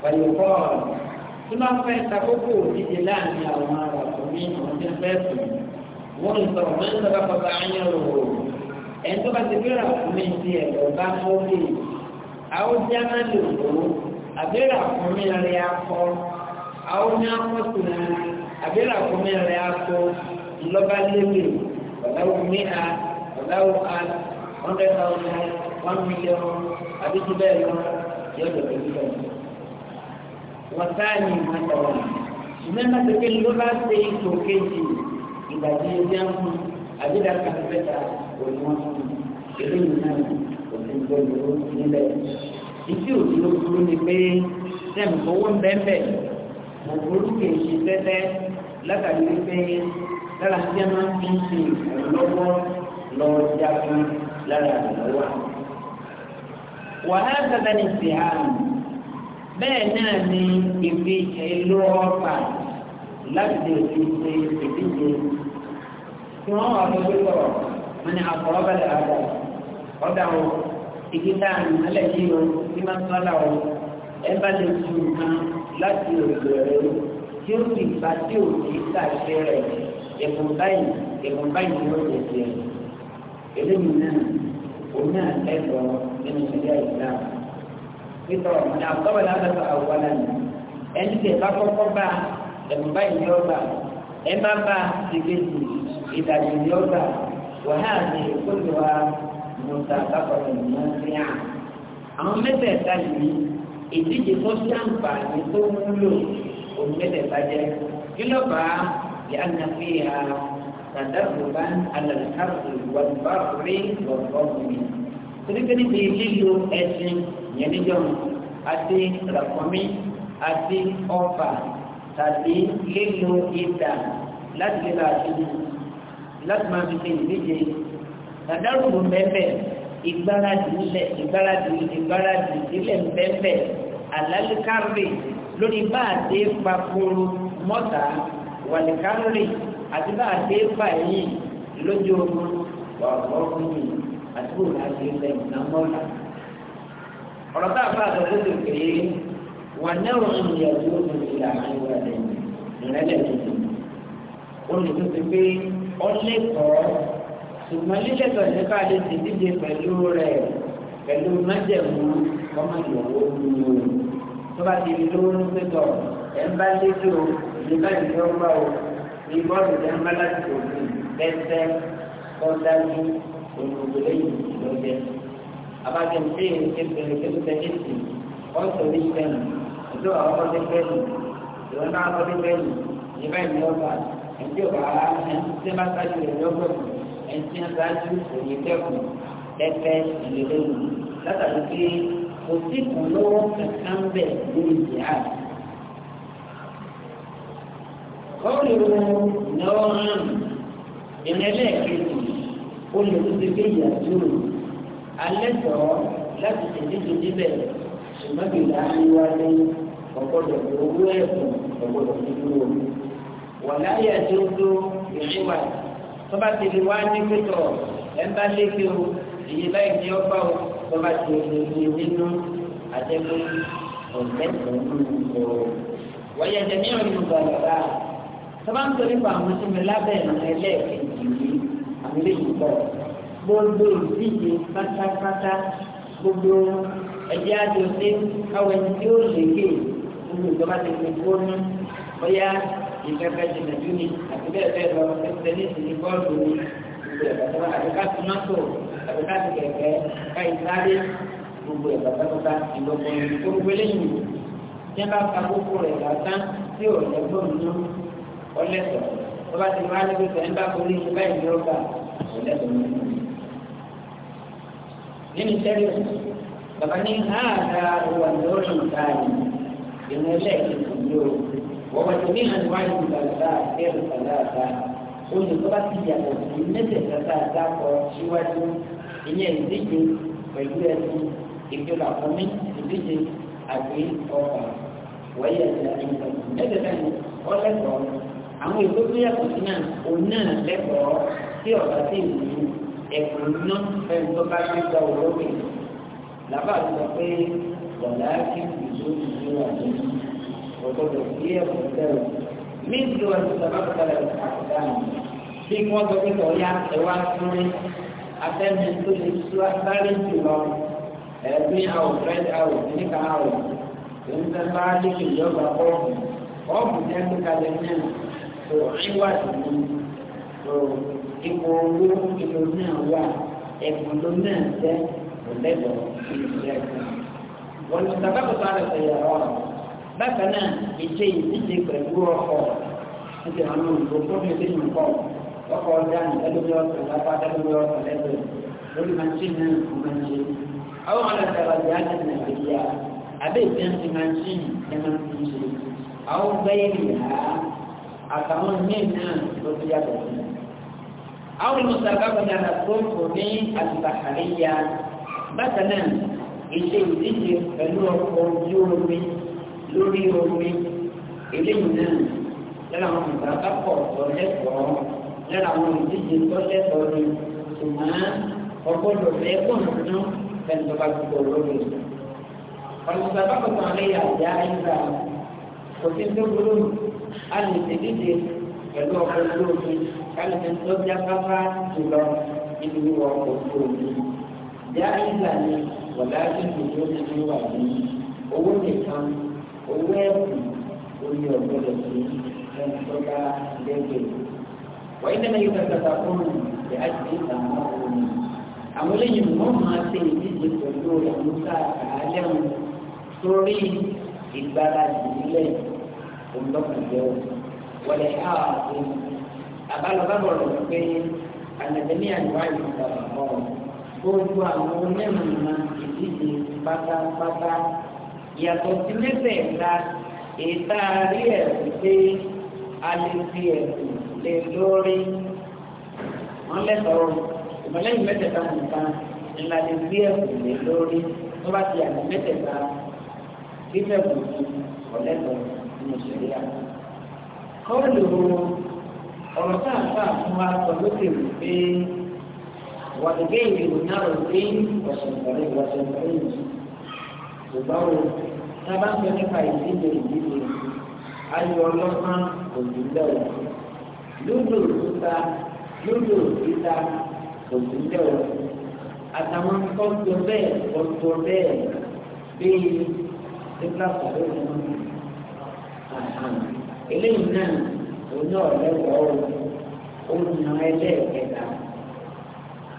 pẹ̀lú bọ́ọ̀lù tí wọ́n fẹ́ takókò òdìdí láàrin àwọn ará omi àwọn tí wọ́n fẹ́ sùn wọ́n ń sọ̀rọ̀ wọ́n ń sọ̀rọ̀ bàbá ayé rò ẹ̀ńtọ́ bá ti gbéra fún mi ti ẹ̀rọ bá mọ́ bíi àwọn tí a máa lò lò àbẹ́rẹ́ àkọ́mí rẹ̀ akọ àwọn ní akọ́tù rẹ̀ àbẹ́rẹ́ àkọ́mí rẹ̀ akọ lọ́ba lébè ọ̀làwọ̀ mìíràn ọ̀làwọ̀ a hundred thousand one million àbí tí bẹ́ẹ̀ lọ yóò dọ̀tí lọ. wọ́n sáàyè mọ́tò wọn ṣùgbọ́n náà tó kéde ló bá ṣe ipò kejì ìgbà tí ó jẹun àbí dàkàtúbẹ̀ta òun wọn èlé ìlú náà ti ń bẹ̀rù nílẹ̀. Ìdí òbí ló burú ni pé sẹ́mi owó ń bẹ́ẹ̀ mo burú kì í ṣe tẹ́tẹ́ látàrí wípé lára tí a máa ń fi ṣe ìrànlọ́wọ́ lọ jagun lára ìrànlọ́wọ́. Wàhálà sábà ní ti àrùn. Bẹ́ẹ̀ náà ni ìfi èlò ọ̀pá láti lè fi ṣe ìdíje. Tí wọ́n wà lórí sọ̀rọ̀, wọ́n ní àkọ́rọ́bẹ̀lẹ̀ àgbà. Ọ̀dà wọn ìdíkà ìmọ̀lẹ̀ sí o ní máa ń sọ́lá o ẹ bá lè tu nǹkan láti òkè rẹ̀ o tí ó sì bá tí ò ní sàṣẹ rẹ̀ ẹ̀bùn báyìí ẹ̀bùn báyìí ló lè jẹ eléyìí náà òun náà ẹ̀rọ nínú ìṣẹ̀lẹ̀ ìlà pípọ̀ ní àkọ́bọ̀ lábẹ́sọ̀ àwọ̀lá ni ẹni tẹ̀ bá kọ́kọ́ bá ẹ̀bùn báyìí ni ó bá ẹ má bá ṣèkejì ìdàgbé ni ó bá wàhálà ní ìkóso mọ̀tà àtàkọ̀tà mọ̀tìyà. àwọn mẹ́tẹ̀ẹ̀ta yìí ìdíje tó ṣe àǹfààní tó wúlò òun mẹ́tẹ̀ẹ̀ta jẹ́ kí ló bá yà ń fi hà tàdàbùbá alàlùkàtù wàlúbà rí lọ́gọ́mùmí. torí pé níbi lílo ẹṣin yẹn níjọ́mù àti ràkọ́mí àti ọfà tàbí lílo ìdà láti lè bá a ṣe láti máa fi ṣe ìdíje tàdárùbù bẹ́ẹ̀ ìgbáradì ilẹ̀ ìgbáradì ìgbáradì ilẹ̀ bẹ́ẹ̀ àlálìkárì lórí bá a dé papòrò mọ́ta wàlìkárì àti bá a dé pa ẹ̀yìn lójú ogun wà ọ̀gbọ́n àti bò láti ilẹ̀ ìnáwọ́lá. ọ̀rọ̀ tá a bá a sọ lóṣù kéré wà náà ń yẹ kó o ti là á yọ ẹ̀yìn ìrẹ́lẹ̀ tuntun. olùdókòwò pé ọ lè kọ́ ọ́ ṣùgbọ́n lílẹ̀tọ̀ nípa lè ti díje pẹ̀lú rẹ̀ pẹ̀lú májẹ̀mú ọmọ ìyàwó nínú tó bá ti lówó ní pẹ̀tọ̀ ẹ̀ ń bá lédò ìjọba ìjọ ń bá o ní bọ́ọ̀lù jẹ́ ń bá láti òfin pẹ́ẹ́pẹ́ kọ́dájú olùdó lẹ́yìn ìlọ́jẹ́ abájọ́sí ìkékeré kékeré kékeré ọ̀sọ̀ ní ìfẹ́nu ìjọ àwọn ọmọdé fẹ́nu ìwọ náà ọmọdé fẹ́nu ìjọba ìjọba ẹ̀ńdí ọ̀bà ara ẹ̀ ń tẹ́ bá sáájú rẹ̀ lọ́gbọ̀n ẹtí aṣáájú òye kẹ́kọ̀ọ́ ẹ̀fẹ́ ìlérẹ́wò látàrí pé kò sí ìkànlọ́wọ́ kankan bẹ̀ lórí ìyá. kọ́ọ̀lù náà hàn ìrẹ́lẹ̀ kejì ó lè tó ti gbé ìyàtú alẹ́ tọ́ láti tẹ̀lé níbẹ̀ ṣùgbọ́n kì í láàrin wáyé ọ̀gbọ́dọ̀ owó ẹ̀kọ́ ọ̀gbọ́dọ̀ dúró wọ̀láyà tó tó ìrìnwájú tó bá ti lè wá ní pẹ̀tọ̀ ẹ̀ ń bá lékè o èyí báyìí ní ọgbà o tó bá ti lè ní nínú àtẹ́kù ọ̀gbẹ́sẹ̀ nínú o. wọ́yẹ̀ jẹ́ mí òní gbàgbà tó bá ń torí pa àwọn tí mi lábẹ́ ìrìn ẹlẹ́ẹ̀kejì yìí àwọn eléyìí bọ̀ gbogbo ìdíje pátápátá gbogbo ẹ̀jẹ̀ àjọṣe káwọn ẹni tí ó lè ké gbogbo ìjọba ti fi gbóná ọ̀yá ìfẹ́fẹ́ jìnnà jù ní àti bẹ́ẹ̀ bẹ́ẹ̀ lọ ẹsẹ̀ ní ìsìn ní bọ́ọ̀lù ní ìgbà àbíká ti mọ́tò àbíká ti kẹ̀kẹ́ káyì sáré gbogbo ẹ̀gbà pátápátá ìlọ́pọ̀ ní gbogbo eléyìí ní bá ka gbogbo rẹ̀ lásán tí ò lẹ́gbọ̀n nínú ọlẹ́sọ̀ tó bá ti máa níbi sẹ́yìn bá kó ní ìlú báyìí ní ọgbà ọlẹ́sọ̀ nínú. nínú sẹ́ríọ̀ bàbá ní wọ́n bá tẹ̀lé hàn wáyé ìgbàlódà ẹ̀rù ìgbàlódà olè tó bá ti yàtọ̀ sí mẹ́tẹ̀ẹ̀ta dákọ̀ síwájú ìyẹn ìdíje pẹ̀lú ẹni ìjọba àkọ́mí ìdíje àti ọkọ̀ wọ́yẹ̀ ìlànà mẹ́tẹ̀ẹ̀ta ni ọ lẹ́kọ̀ọ́ àwọn ètò tó yàtọ̀ sí náà òun náà lẹ́kọ̀ọ́ tí ọ̀gá sí ìlú ẹ̀kọ́ iná fẹ́ẹ́ tó bá ti gba olóògbé làbá àti sọ pé wọ̀lá kí ìlú ìlú àjẹmí gbọ́dọ̀ yé ẹ̀kọ́ sẹ́wọ̀n mílíọ̀nù ìsọ̀rọ̀sọ̀rọ̀ àkàdáàmù bí wọ́n gbọ́ pé ọ̀yá ẹ̀wá súnmí afẹ́mi tó lè sú agbárí jù lọ ẹ̀mí àwọ̀ fred àwọ̀ níka àwọ̀ oúnjẹ bá lékè ìjọba ọ̀hún ọ̀hún ní ẹgbẹ́ kalẹ̀ náà tó ìwádìí ní tó ipò owó ìlú náà wà ẹ̀kọ́ ló náà jẹ́ ọ̀lẹ́dọ̀ọ́ ìlú ẹ̀kọ́. wọ́n ti sábà tó sáré sẹ́yà bákan náà ìṣe ìdíje pẹ̀lú ọkọ̀ níbi àwọn olùdókòwò ní ìdíje nǹkan ọkọ̀ dání ẹlẹ́gbẹ́ ọ̀sẹ̀ lápá ẹlẹ́gbẹ́ ọ̀sẹ̀ lẹ́gbẹ̀ẹ́ lórí máa ń ṣe náà kò máa ń ṣe. àwọn alàgbàlà ìyá ti nàìjíríà abẹ́ ìfẹ́ ti máa ń ṣe ẹ̀ma ti ń ṣe. àwọn bẹ́ẹ̀ yà á àtàwọn míì náà ló ti yàtọ̀ sí. àwọn lórí omi eléyìí náà lẹ́nu àwọn ìgbàgbà pọ̀ lọ́lẹ́kọ̀ọ́ lẹ́nu àwọn ìdíje lọ́lẹ́kọ̀ọ́ ni ṣùgbọ́n ọgbọ́dọ̀ lẹ́kọ̀ọ́ náà fẹ́ni tó bá gbogbo lórí. ọ̀nà ìgbàgbà kọ̀ọ̀kan alẹ́ yà yá ìgbà òfin tó gbóló a lè tẹ̀lé pẹ̀lú ọkọ̀ ojú omi kálí fẹ́ tó bí afáfá jùlọ nínú ọkọ̀ ojú omi. yá ìgbà ni wọ̀lá owó ẹ̀sìn orí ọ̀gbọ́dọ̀ sí ẹni tó bá lẹ́gbẹ̀ẹ́. wọ́n yín tẹ́lẹ̀ yóò fẹ́ kẹta fún ìdí àti ìtàmọ́ òní. àwọn eléyìí mọ́ máa ṣe ìdíje pẹ̀lú àwọn sáà àálẹ́hùn sórí ìgbáradì nílẹ̀ òǹdọ́kùnjẹ́ wọlé ààbò àbálọ́bàbọ̀rọ̀ pé ànàdẹ́mí àgbà ìgbà ọ̀ gbogbo àwọn mẹ́rin máa ìdíje pátápátá yàtọ̀ sí mẹ́tẹ̀ẹ̀ta ètà rí ẹ̀sùn pé a lè fi ẹ̀sùn lè lórí wọn lẹ́tọ̀ọ́ ìmọ̀lẹ́yìn mẹ́tẹ̀ẹ̀ta nìkan ńlá lè fi ẹ̀sùn lè lórí tó bá ti àgbà mẹ́tẹ̀ẹ̀ta fífẹ́ kù ọ̀lẹ́tọ̀ọ́ nínú ìṣẹ̀lẹ̀ yà. kọ́ọ̀lù ọ̀rọ̀ sáàfà fún wa sọ lókè rè pé wàdùgbé ìrìn náà rè pé wàṣẹ̀ǹtàrí wàṣẹ̀ǹtàrí yìí ṣùgbọ́n o tá a bá ń sọ nípa ìdíje ìdíje ayọ̀ ọlọ́pàá kò ní lẹ́ o lódò títa lódò títa kò ní lẹ́ o àtàwọn kọ́ńtò bẹ́ẹ̀ kọ́ńtò bẹ́ẹ̀ bíi títa pàdé wọn eléyìí náà oní ọ̀lẹ́wọ̀ ọ̀hún ó nà ẹlẹ́ẹ̀kẹta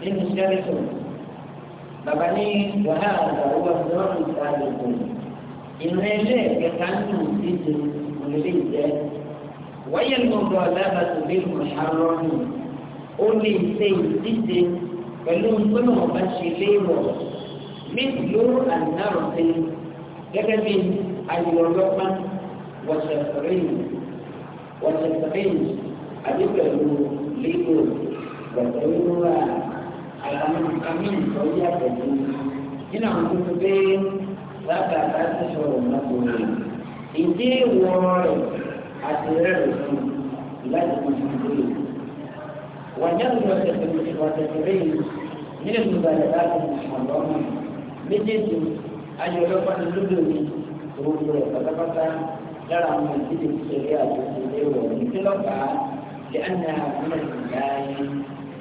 nínú sẹ́rẹ̀tọ̀ bàbá ní wàhálà àgbàwọ̀ lọ́rùn ìsàlẹ̀ ìgbòho ìrìn ẹlẹ́ kẹta ń dùn dídùn òlélẹ́ ìjẹ́ wáyé lọ́dọ̀ alábàtò bí mọ̀ṣárọ́nù ó lè ṣe ìdíje pẹ̀lú gbọ́dọ̀ ọba ṣe léèwọ̀ nílùú àdínáròsí gẹ́gẹ́ bí ayọ̀lọ́pá wọ̀ṣẹ̀fẹ̀rẹ́yìn wọ̀ṣẹ̀fẹ̀rẹ́yìn àdúgbò léèwọ̀ pẹ̀lú àtàwọn nǹkan mìíràn tó yàtọ̀ tó nínú àwọn tó ti pé bàbá bá ti sọ̀rọ̀ lọ́kùnrin ìdí ìwọ rẹ̀ àti rẹ̀ fún láti mọ̀ sí ìdílé. wàjá lọ tẹ̀sán wàtẹ̀sẹ̀rẹ̀ yìí nílẹ̀ tó balẹ̀ bá ti sọ̀rọ̀ ọmọ méjèèjì ayọ̀ ọlọ́pàá ní lódò mi gbogbo rẹ̀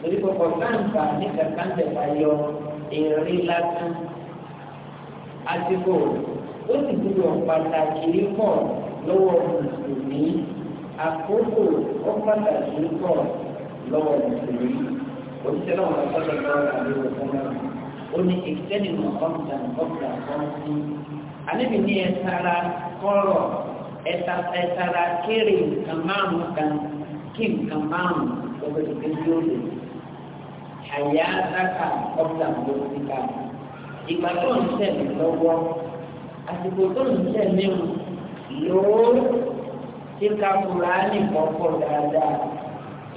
torí kọkọ sáǹfà ní kàkàǹtẹ̀fà yọ èrè lásán àsìkò ó sì gbúdọ̀ pàtàkì pọ̀ lọ́wọ́ mùsùlùmí àkókò ó pàtàkì pọ̀ lọ́wọ́ mùsùlùmí òṣìṣẹ́ náà wọ́n sọ́dọ̀ lọ́wọ́ àbẹ̀wò fún náà ó ní ìkẹ́ni mọ̀ ọ̀gbà ọ̀gbà kan sí àníbi ní ẹ̀sára kọ́rọ̀ ẹ̀sára kéré nǹkan márùn-ún kan kí nǹkan márùn-ún lọ́wọ́ ìgbésí òde àyà àtàkà ọ̀gbà lọ́síkà ìgbà tó ń tẹ̀lé lọ́wọ́ àsìkò tó ń tẹ̀lé o lòó kíka kùránì kọ́kọ́ dáadáa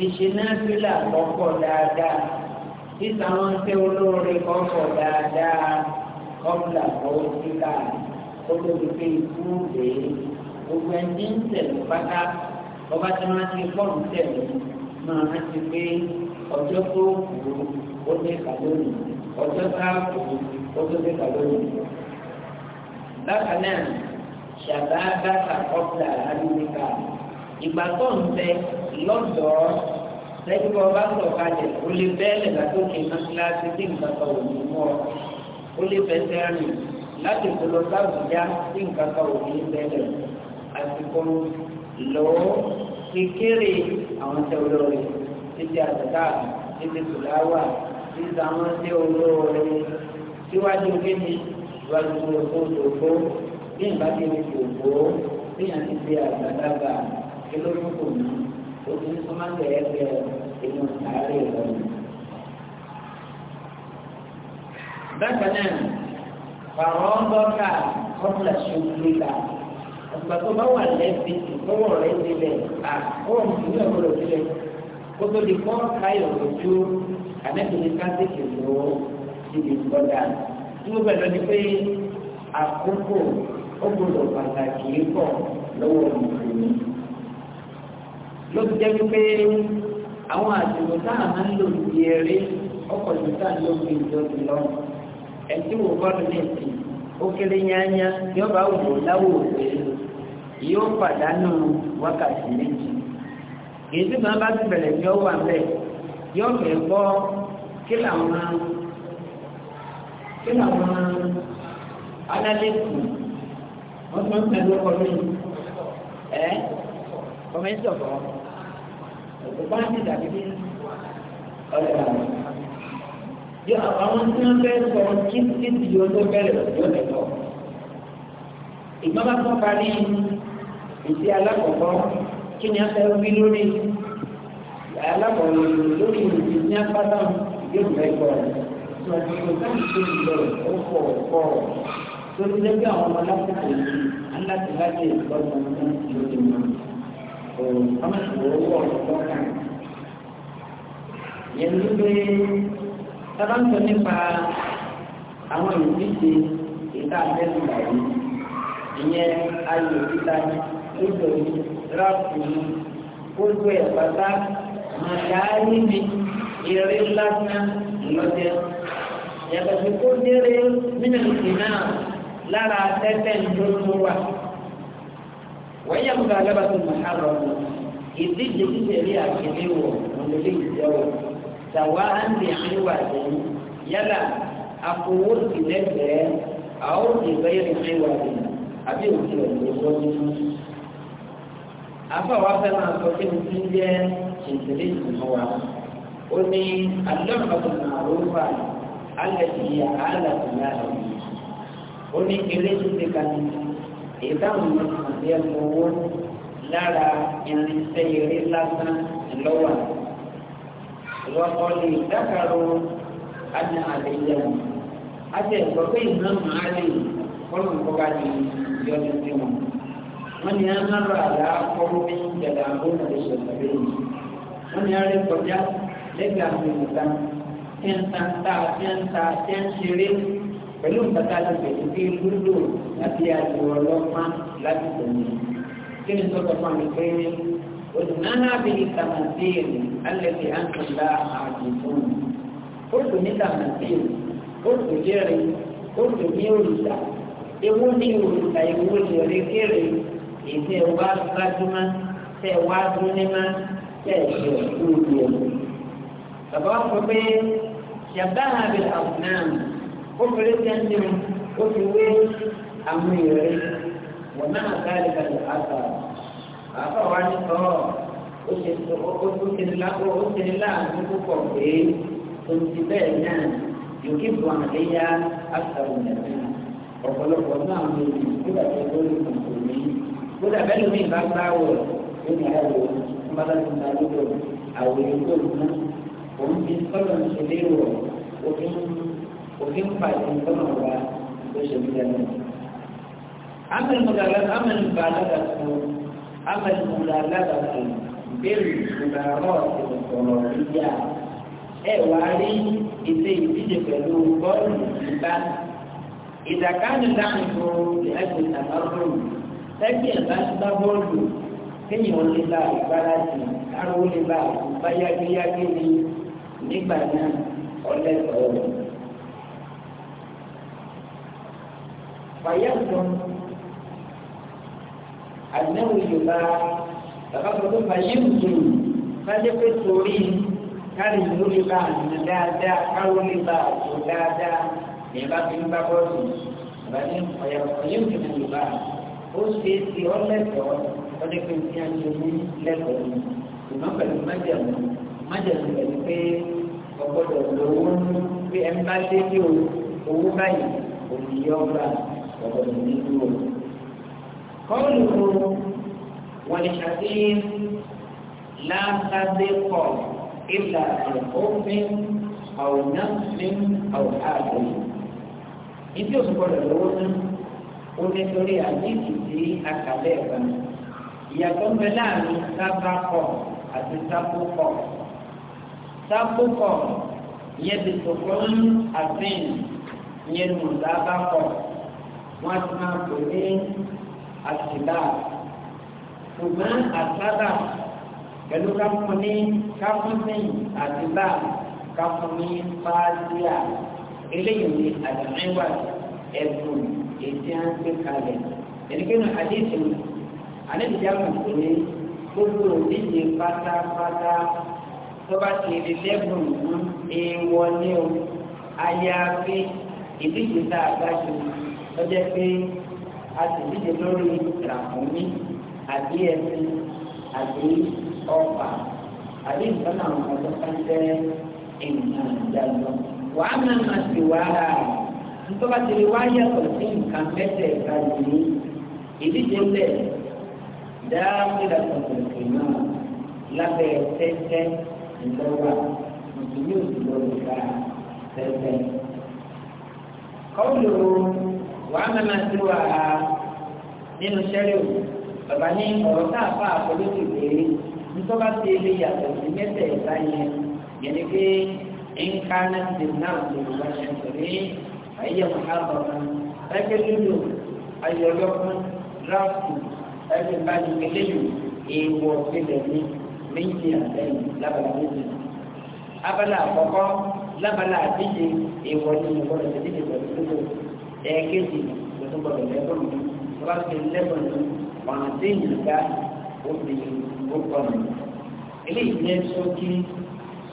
ìṣìnáfílà kọ́kọ́ dáadáa sísàwọn tẹ olóore kọ́kọ́ dáadáa kọ́kùlà lọ́síkà olórí pé ikú rèé gbogbo ẹni ń tẹ̀lé pátá ọba tí wọ́n ti fọ́ọ̀mù tẹ̀lé máa ń ti pé ọjọ́ tó kù ó ní kàlórí ọjọ́ tá a kù ó tó ní kàlórí. bákan náà ṣàbá bàtà ọ̀pẹ̀lá àdúgbò ìgbà tó ń bẹ lọ́dọ̀ lẹ́yìn bá ọba sọ̀ kalẹ̀ ó lè bẹ́ẹ̀lẹ̀ látòkè mọ́síláṣí tí nǹkan kan ò ní mú ọ ó lè fẹsẹ̀ rìn láti ìpolọ sábùjá tí nǹkan kan ò ní bẹ́ẹ̀lẹ̀ àsìkò lọ́ọ́ kékeré àwọn tẹ́wọ́lọ́rẹ́ títí àtàkà títí tùláwà títí àwọn tí olóore síwájú kíni ìwádìí tó kó tòkó bí ìgbà tí mi tòkó bí yàn ti di àgbàdàgbà kí ló ń kò ní òbí ní kó má tẹ̀lé ẹgbẹ́ inú ààrẹ ìlọrin. bákan náà pàrọ̀ ọ́ńdọ́kà kọ́pùlà ṣùgbọ́n ìgbà tó bá wà lẹ́sìn ìgbọ́wọ́ rẹ̀ sílẹ̀ àwọn òṣìṣẹ́ ìgbọ́wọ́ sílẹ̀ kó di kọ́ káyọ̀ lójú àmẹ́tòlẹ́ káṣíkì ló ibi gbọ́dá tí ó bẹ̀rẹ̀ ni pé àkókò ó gbọdọ̀ pàtàkì pọ̀ lọ́wọ́ mùsùlùmí. ló ti jẹ́ wípé àwọn àsìkò tá a máa ń lò ní eré ọkọ̀ ìlú tá a lò ní ìjọba lọ́wọ́ ẹtí wò bọ́ọ̀lù ní ìsìn ó kéré yányá yọba wò láwò òwe yóò pàdánù wákàtí méjì èyí tí màá bá ti bẹ̀rẹ̀ ní ọwọ́ àbẹ̀ yóò fẹ́ gbọ́ kí làwọn kí làwọn alálẹ́kùn wọ́n tún ń tẹ̀lé ọkọ mi ẹ́ kọ́mẹ́ntì ọ̀kọ́ òkúpa ti dàbí bí ọ̀rẹ́ àwọn yóò àwọn tí wọ́n fẹ́ sọ kí kí ti yóò tó bẹ̀rẹ̀ yóò lẹ́tọ̀ ìgbọ́n bá tún parí ìdí alákọ̀ọ́kọ́ kí ni a fẹ́ wí lórí alákọ̀ọ́lẹ̀ lórí ìrìnàjò ní apáta yóò fẹ́ gbọ́ ìgbàgbọ́ táwọn ṣe ń lọ ó pọ̀ pọ̀ tó ti lẹ́gbẹ́ àwọn ọmọ lásìkò yìí aláti láti ìgbọ́dọ̀ náà ti lóde mọ́ ọ̀rọ̀ ọmọṣùwọ̀ owó ọ̀rọ̀ kan yẹn ló pé sábà ń sọ nípa àwọn ìdíje ìta àtẹ́sùn báyìí ìyẹn ayò títa lóṣooṣù ìsìráàfù yìí gbogbo ẹ̀ pátá máa dáárí mi eré lásán lọ́jẹ́ yàtọ̀ sí kó déré nínú ìsìn náà lára tẹ́tẹ́ ìdókòwò wa wọ́n yẹ kó alábà tó máa hàrọ̀ ọ̀nà ìdíje títẹ̀lé àkèlé wọ̀ ọ̀nàlé ìjọwọ̀ tàwa á ń lè àríwá àtẹ̀yìn yálà àfọwọ́ ìlẹ́gbẹ̀ẹ́ àwọn òṣèlú ẹ̀yẹ́ ìrìnàjò àbí òṣèlú ọ̀nà ìwọ́n nínú àfọwọ́ fẹ́ máa sọ kí ni ti ń jẹ́ ìṣẹ̀lẹ̀ ìṣẹ̀lẹ̀ wa ó ní alọ́kọ̀tún àrùfà alẹ́sì àlàkùnlá rẹ̀ ó ní eré lara kan ìdáhùn ìmọ̀tàmí ẹ̀kọ́ owó lára irinṣẹ́ eré lásán lọ́wọ́ lọ́kọ́ lè dákàrò àti àlẹ́yẹ̀wò àti ẹ̀kọ́ pé ìmọ̀ màálì fọ́nà kọ́ka ti yọ tuntun wọ́n ní amára àlá ọ̀rọ̀ ìjàdá àbúrò rẹ̀ sọ̀rọ̀ lẹ́yìn wọ́n ní arẹ kọjá lẹ́gbẹ̀ẹ́ àwọn ìmọ̀ta tí ń ta ta tí ń ta tí ń ṣeré pẹ̀lú ìtàkà ti bẹ̀rẹ̀ bí lúlò àti àjò ọlọ́pàá láti tẹ̀lé kí ni sọ́kọ̀ fún mi pé òdùnnáná bí tàmàdéèrè alẹ́bí àǹtọ̀lá àdìgún ó dùn ní tàmàdéèrè ó dùn jẹ́rìí ó dùn ní òrìṣà ewu ní òrìṣà ewu ní òrìṣà ètò ẹ̀wá gbajúmọ́ tẹ̀ wá dúnímọ́ tẹ̀ ṣe òkúrú ẹ̀. Bàbá wa sọ pé ṣàbá àbí àbùnáà ó fèrè sẹ́ńtì ó fi wé àwọn ìrẹ́ wọ́n náà káàdì kàdé àgbà. Bàbá wa ní sọ ó ṣe tó ó ṣe ní lápò ó ṣe ní láàánú púpọ̀ pé oṣù bẹ́ẹ̀ náà yòókì bọ̀ àléyá àṣà òyìnbó ọ̀pọ̀lọpọ̀ náà ń bí ìgbà tó lórí kòkòrò yìí kódà bẹ́ẹ̀ mi bá gbá wò ó ní àwò ọmọdé tó ń ta lódò àwò ètò ìná òun ti kọ́nà ìṣẹ̀lẹ̀ wọ̀ òfin òfin pàṣẹ kọ́nà wa ló ṣe bí lẹ́nu. amẹ́ni mọ̀gàlá amẹ́ni bá alágàtò amẹ́ni mọ̀gàlá alágàtò bẹ́ẹ̀rù ìgbàrọ̀ ìgbọ̀rọ̀ ìyá ẹ̀ wá rí ilé ìdíje pẹ̀lú bọ́ọ̀lù ìgbà ìdàkánu dáhùn fún ẹgbẹ̀ta lọ́rùn tẹ́gbẹ̀ bá ń gbá bọ́ọ̀lù kéèyàn lè bá ìgbára sí káró lè bá bá yágéyágé ni nígbà náà ọlẹ́tọ̀ọ́ rẹ̀. fàyàtọ̀ àdéhùn yorùbá bàbá pẹ̀lú fàyẹ̀mùtò sájẹ́ pé torí káàdì ìlú lè bá àná dáadáa káró lè bá àtò dáadáa ní bá fi ń gbá bọ́ọ̀lù bàbá ní fàyẹ̀mùtò yorùbá ó ṣe é ti ọ́ lẹ́tọ̀ọ́ ọdẹ pé kí á ṣe mú lẹ́tọ̀ọ́ ni ìmọ̀ pẹ̀lú májàmú májàmú pẹ̀lú pé ọgbọ́dọ̀ lówó ní pé ẹ bá dé ní owó báyìí òní yọ ọgbà ọgbọ́dọ̀ nínú o. kọ́ọ̀lù wọn ni ṣàfihàn láńtàdé kọ̀ ìlà ẹ̀kọ́fín àwòrán fín àwòrán àgbẹ̀. ìdí òṣùpọ̀ lọ́wọ́ náà ó ní torí àdéhùn sí àkàlẹ̀ ẹ̀kan ìyàtọ̀ ń bẹ láàrin sábàkọ̀ àti sábòkọ̀ sábòkọ̀ yẹ ti sọ̀kọ́ ń àfihàn yẹn nù sábàkọ̀ wọ́n ti máa pè ní àṣìlá ṣùgbọ́n àṣàdà pẹ̀lú káfún ní káfúnsìn àti bá káfún ní fáásíà eléyìí ni àdàmẹ́wàá ẹ̀bùn ètí à ń gbé kalẹ̀ ẹ̀dígbẹ́nu àdéhùn àdéhùn ìpínlẹ̀ gbogbo òdíje pátápátá tó bá ti di lẹ́bùn fún èèwọ̀ ní o àyàfi ìdíje tá a bá ṣe lọ́jọ́ pé a sì díje lórí ìràkùnmí àbí ẹ̀sìn àbí ọ̀pá àbí ìtọ́nà àwọn ọ̀dọ́ kan jẹ́ ènìyàn ìjàgbọ́n wàá máa ma sì wàhálà rẹ̀ tó bá ti lè wá yàtọ̀ sí nǹkan mẹ́tẹ̀ẹ̀ta yìí ìdíje lẹ̀ dáàbìlà tọ̀tọ̀tọ̀ náà lábẹ́ tẹ́tẹ́ ìlọ́wà mùsùlùmí òsùlọ́wọ́ ká tẹ́tẹ́. kọ́ọ̀lù wàá mẹ́ma sí wa nínú sẹ́ríò bàbá ní ọ̀rọ̀ tá a fà àpolótì pé nítorí bá ti lè yàtọ̀ sí mẹ́tẹ̀ẹ̀ta yẹn yẹn ni pé nǹkan náà ti náà lè wá ṣe ayé mọ̀hábà kan ẹgbẹ́ lílo ayé ọlọ́pàá dráfù ẹgbẹ́ báyìí eléyìí èèwọ̀ sílẹ̀ ní méjì àtẹ̀yìn lábala méjì. abala àkọ́kọ́ lábala àdíje èèwọ̀ ní ìgbọ́dọ̀ ti díje pẹ̀lú kúrò ẹ̀ẹ́kejì tó tó gbọ́dọ̀ lẹ́kọ̀ọ́ mi wọ́n ti lẹ́kọ̀ọ́ mi ọ̀nà tí ìyìn ká ó fi ó pọ̀ mi. eléyìí ní sókí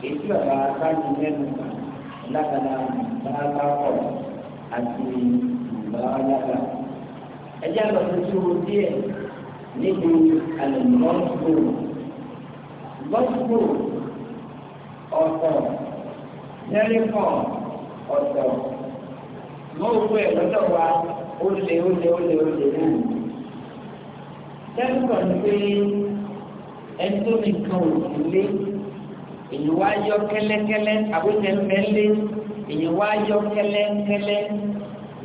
ètò àbá sáájú mẹ́nu lábala bá bá pọ̀ àti ìbáralára. ẹ jẹ́ àgbàdo tí o díẹ̀ níbi àlùmọ́sùgbò. mọ́sùgbò ọ̀tọ̀ tẹ́lifọ̀ ọ̀tọ̀ mọ́wùkú ẹ̀ lọ́dọ̀ wa ó lé ó lé ó lé ó lé náà. tẹ́lifọ̀ ni pé ẹni tó nìkan ò sí lé èyí wá yọ kẹ́lẹ́kẹ́lẹ́ àbújá ń bẹ́ lé èèyàn wá yọ kẹ́lẹ́kẹ́lẹ́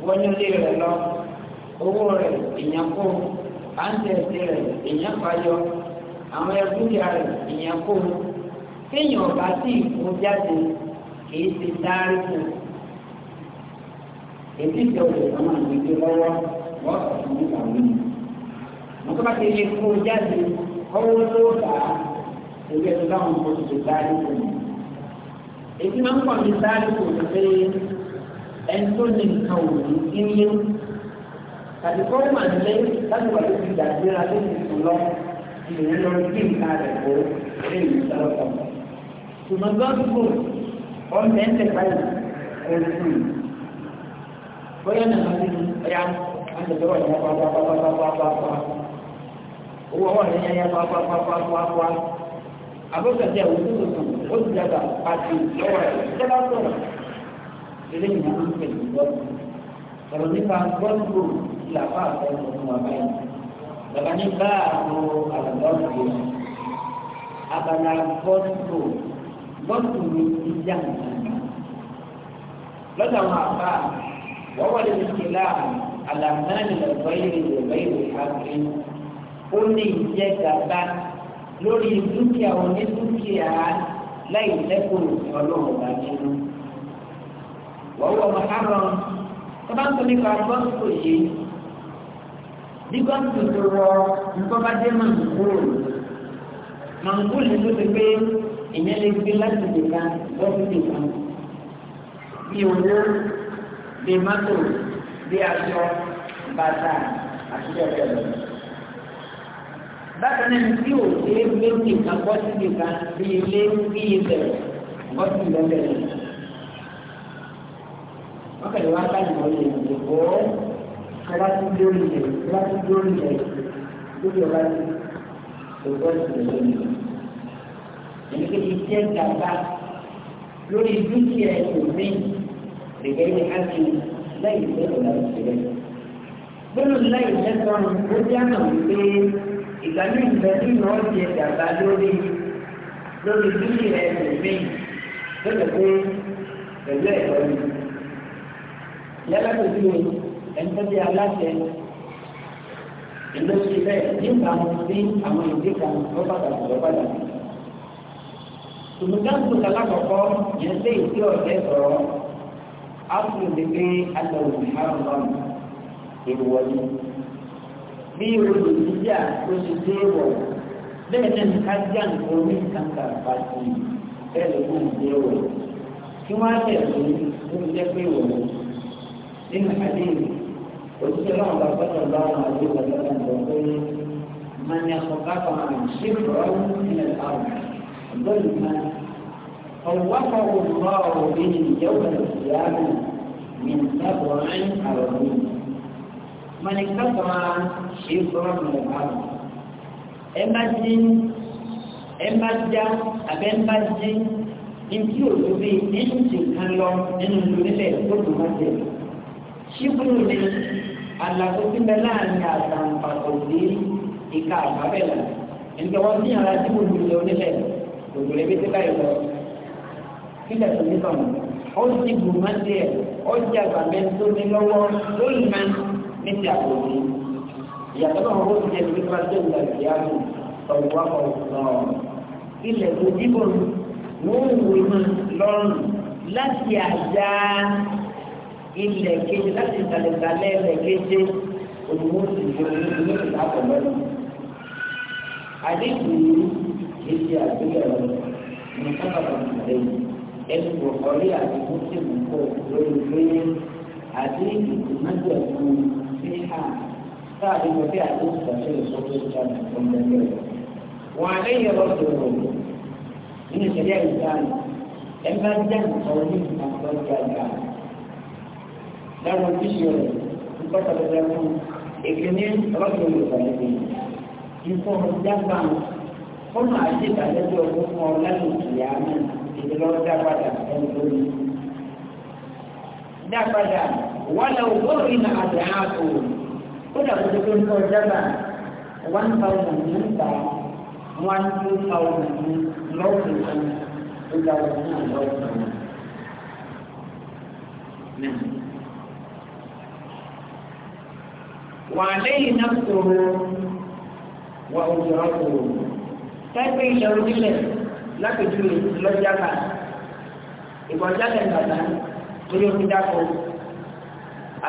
wọnú ilé rẹ̀ lọ owó rẹ̀ èèyàn kó àǹtẹ̀sí rẹ̀ èèyàn fàyọ àwọn ẹ̀dúkìá rẹ̀ èèyàn kó kéèyàn ọ̀bá sí ìfún jáde kìí ṣe dárí fún èdè ìjọba ìjọba ìgbé lọ́wọ́ wọ́n sọ fún nípa mi. mo tó bá ti lè fún jáde kọ́wọ́ ló bá ẹgbẹ́ tó dáhùn kó ṣe dárí fún mi èyí máa ń pọ̀ ní sáré kò ní pé ẹni tó ní nǹkan ò ní kí ń lé tàbí kọ́ mà ń lé láti wà lóṣù ìdàgbéra tó ti sùn lọ ìrìn lọ sí nǹkan rẹ̀ kó lè ní sọ́rọ̀ kan. ṣùgbọ́n gọ́dùgbò ọ̀nà ẹ̀ ń tẹ̀ka yìí ẹ̀ ń sùn. bóyá nàá ti ní ẹ̀yà àtẹ̀tẹ̀wọ̀ ní apapapapapapapa owó ọwọ́ rẹ̀ ní ẹ̀yà papapapapapa abókẹ́tẹ̀ òwúrò tuntun ó ti dàgbà àti lọ́wọ́ rẹ̀ ìjọba sọ̀rọ̀ eléyìí máa ń pè ní gbọ́dọ̀ sọ̀rọ̀ nípa gbọ́dọ̀ ìlàpá àtẹ̀wọ̀n fún wa báyìí bàbá ní bá àwọn àlọ́ọ̀dù yẹn abala gbọ́dọ̀ gbọ́dọ̀ ní ìjà nǹkan lọ́dọ̀ àwọn àbá wọ́n wọlé ní kílá àlàmánì lọ́gbọ́ yìí lọ́gbọ́ yìí lọ́gbọ́ yìí ó ní ìjẹ́gàba lórí dúkìá onídúkìá láì lẹ́kùn ọlọ́run ọba nínú. wọ́wọ́ mọ̀hárán tọ́ba ń tóbi ká gọ́ǹtò yé bí gọ́ǹtò tó wọ nǹkan bá dé màǹgòrò màǹgòrò ló ti pé ìyẹn lè gbé láti dìka bọ́ọ̀lù dìka bí owó bí mọ́tò bí aṣọ bàtà àti bẹ́ẹ̀ bẹ́ẹ̀ bákan náà tí ò ṣe é méjì kan bọ́ sí ìka bí ilé bí ibẹ̀ bọ́ sí ìlọ́bẹ̀ rẹ̀. wọ́n kẹ̀lé wá bá ìwọ lè lè bọ́ kíláàsì lórí rẹ̀ kíláàsì lórí rẹ̀ lórí ọba rẹ̀ kò bọ́ sí ìlọ́bẹ̀ rẹ̀. èmi kejì jẹ́ gàba lórí dúkìá ẹ̀kọ́ mi gẹ́gẹ́ bí a ti láì lẹ́tọ̀ọ́ láti ṣe rẹ̀. gbọ́dọ̀ láì lẹ́tọ̀ọ́ ló jẹ́ àná wípé ìgbàlú ìgbẹ́ tí wọ́n ti dàgbà lórí lórí dúkìá ẹ̀sìn mi lọ́dọ̀ pé pẹ̀lú ẹ̀kọ́ mi. Yálàtọ̀ sí o, ẹ̀ńtọ́jú aláṣẹ ìlú sí bẹ́ẹ̀ nípa mo sí àwọn ìdí kan tó pàtàkì tó pàtàkì. Tùmùdáǹtù alákọ̀ọ́kọ́ yẹn lé ìdí ọ̀rẹ́ sọ̀rọ̀ áfúrò lè gbé alẹ́ òmìnira ọ̀nà ìwọ̀nyí bí olè jíjà ló ṣe dé wọ̀ bẹ́ẹ̀ ní ká já nǹkan orí nǹkan kà pàṣẹ bẹ́ẹ̀ ló kàn dé wọ̀ kí wọ́n á tẹ̀ lórí ló ń jẹ́ pé wọ̀ nínú àdéhùn òṣìṣẹ́ náà bá gbọ́dọ̀ bá wọn àdéhùn ọ̀dọ́ náà lọ pé máa ní akọ̀ká àwọn ọ̀dọ́lù máa ọ̀wọ́pọ̀ òwúrọ̀ òbí ìjọba ìyá mi ní ìjọba àwọn ọ̀rẹ́ mọ̀nì kásọ̀mọ́ ṣe sọ̀rọ̀ lọ́wọ́ báwọn. ẹ má jí ẹ má já àbẹ́ ń bá jí ntí òjò bí ẹnu ti kan lọ ẹnu lórílẹ̀ tó tó má jẹ. ṣíkúrú ni àlàfo ti bẹ láàrin àtàǹpàkò sí ìka àbábẹ́là ẹnìkan wọn bí ara tí mo lù lọ nílẹ̀ òjò rẹ̀ bí báyìí lọ. kílẹ̀ tó ní sọ̀rọ̀ ó ti bù má jẹ ọjà àgbàgbẹ́ tó ní lọ́wọ́ lóyún ní ti àkòrí ìyàtọ̀ náà wọ́n ti jẹ́ ìwé máa jẹ́ ìlà ìyáàmù ọ̀gbọ́n ọ̀gbọ́n ilẹ̀ tó dìbò wọ́n wò iná lọ́rùn láti àjà ilẹ̀ kejì láti ìtàlẹ̀tàlẹ̀ ilẹ̀ kejì olùwò sì jẹ́ olùwò sì lápò lọ́nà. àdéhùn èsì àgbéyẹ̀wò ní sábà pàtàkì ẹni kò kọ́lé àti mọ́tò mọ́tò lórí pé àdéhùn náà jẹ̀ fún فيها فعلم بها مستحيل صوتك ومن وعليه رد الروح من الشريعة الثانية لما الدم قوله أفضل كالكال لما تشير انتقل لهم اكلمين رد المخالفين يكون الدم ثم أجيب على ذلك مولانا القيامة إذا لو تابعت أن تقول dápadà wọ́n lọ lórí ní àdáhàkò ó dàbí tó ń kọ́ dábà one thousand ní ìgbà one two thousand ní lọ́ọ̀kì kan ó dà wọ́n ní àlọ́ọ̀kì kan. وعليه نفسه وأجرته tẹ́gbẹ́ ilẹ̀ onílẹ̀ lápẹ̀jù lọ́jàgbà torí omi dáko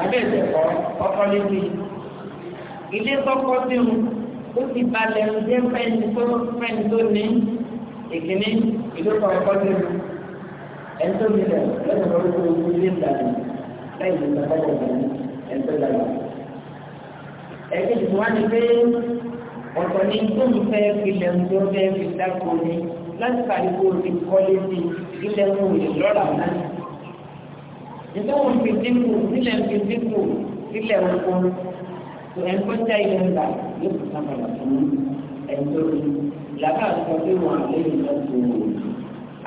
àbẹ̀sẹ̀ kọ́ ọkọ̀ lébi ilé kọ́kọ́ tí mu ó ti balẹ̀ ń jẹ́ fẹ́ni tó fẹ́ni tó ní ìkíní ìlú kọ́kọ́ tí mu ẹni tó ní rẹ̀ lọ́sọ̀ lọ́wọ́ tó ní ilé ìdàgbà lẹ́yìn ìgbà kọ́kọ́ tó ní ẹni tó dàgbà. ẹgbẹ́ ìdìbò wá ní pé ọ̀tọ̀ ni tó ń fẹ́ ilẹ̀ ń tó fẹ́ fi dáko ni láti pariwo ti kọ́ lébi ilẹ̀ ń wò lọ́la náà ìgbà wọn fi dínkù nílẹ̀ fi dínkù nílẹ̀ oko tó ẹni tó já ilẹ̀ ńlá yóò fi sábà lọ fún ẹni tó rí làbá sọ pé wọn àlẹ́ yìí lọ sí òwò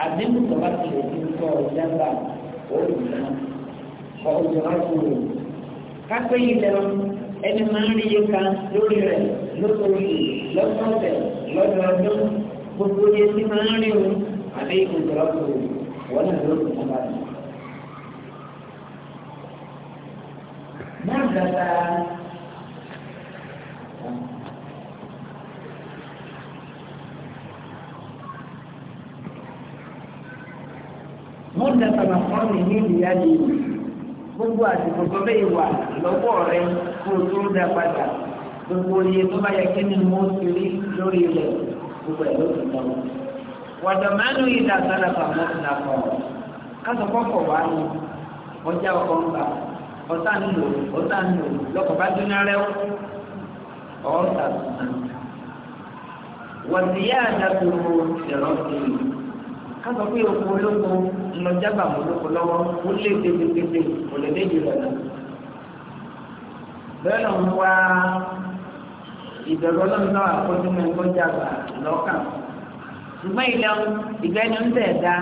àdínkù tó bá tilẹ̀ ti sọ ìjàmbá òòlù náà kọ òjò wá sí òwò kápẹ́ ilẹ̀ ẹni máa ń rí iye kan lórí rẹ̀ lóṣooṣù lọ́sọ̀ọ̀sẹ̀ lọ́dọọdún gbogbo iye tí máa ń rí òun àlẹ́ ìkòjọ́ lọ́sọ̀ọ̀sẹ̀ wọ́n náà ló ti sábà lọ. نبذ mọ̀nà tàbàkọ́ mi ní ìyá di gbogbo àsìkò tó bẹ́ẹ̀ wà lọ́wọ́ rẹ kó o tó dá padà gbogbo iye tó bá yẹ kí ni mo ti rí lórí rẹ gbogbo ẹ̀ ló ti lọ. wàdà mẹ́nu yìí dà sálà pàmò nàkọ́ kásán kọ́kọ́ wà ní ọjà ọkọ̀ ńgbà ọ̀tá ń lò ọ̀tá ń lò lọ́kọ̀ bá dúná rẹ́wọ́ ọ̀ọ́ta tuntun. wọ̀síyá àdàtúrò ẹ̀rọ sí i kásọ̀ pé oko olóko ńlọjábà olóko lọ́wọ́ ó lé pépépépé kò lè dé jù lọ́nà. bẹ́ẹ̀ ló ń wá ìbẹ̀rù ọlọ́run náà àkójú mẹ́ńkọ́ jàgbà lọ́kàn. ṣùgbọ́n ilẹ̀ ìgbẹ́ni ń tẹ̀ dá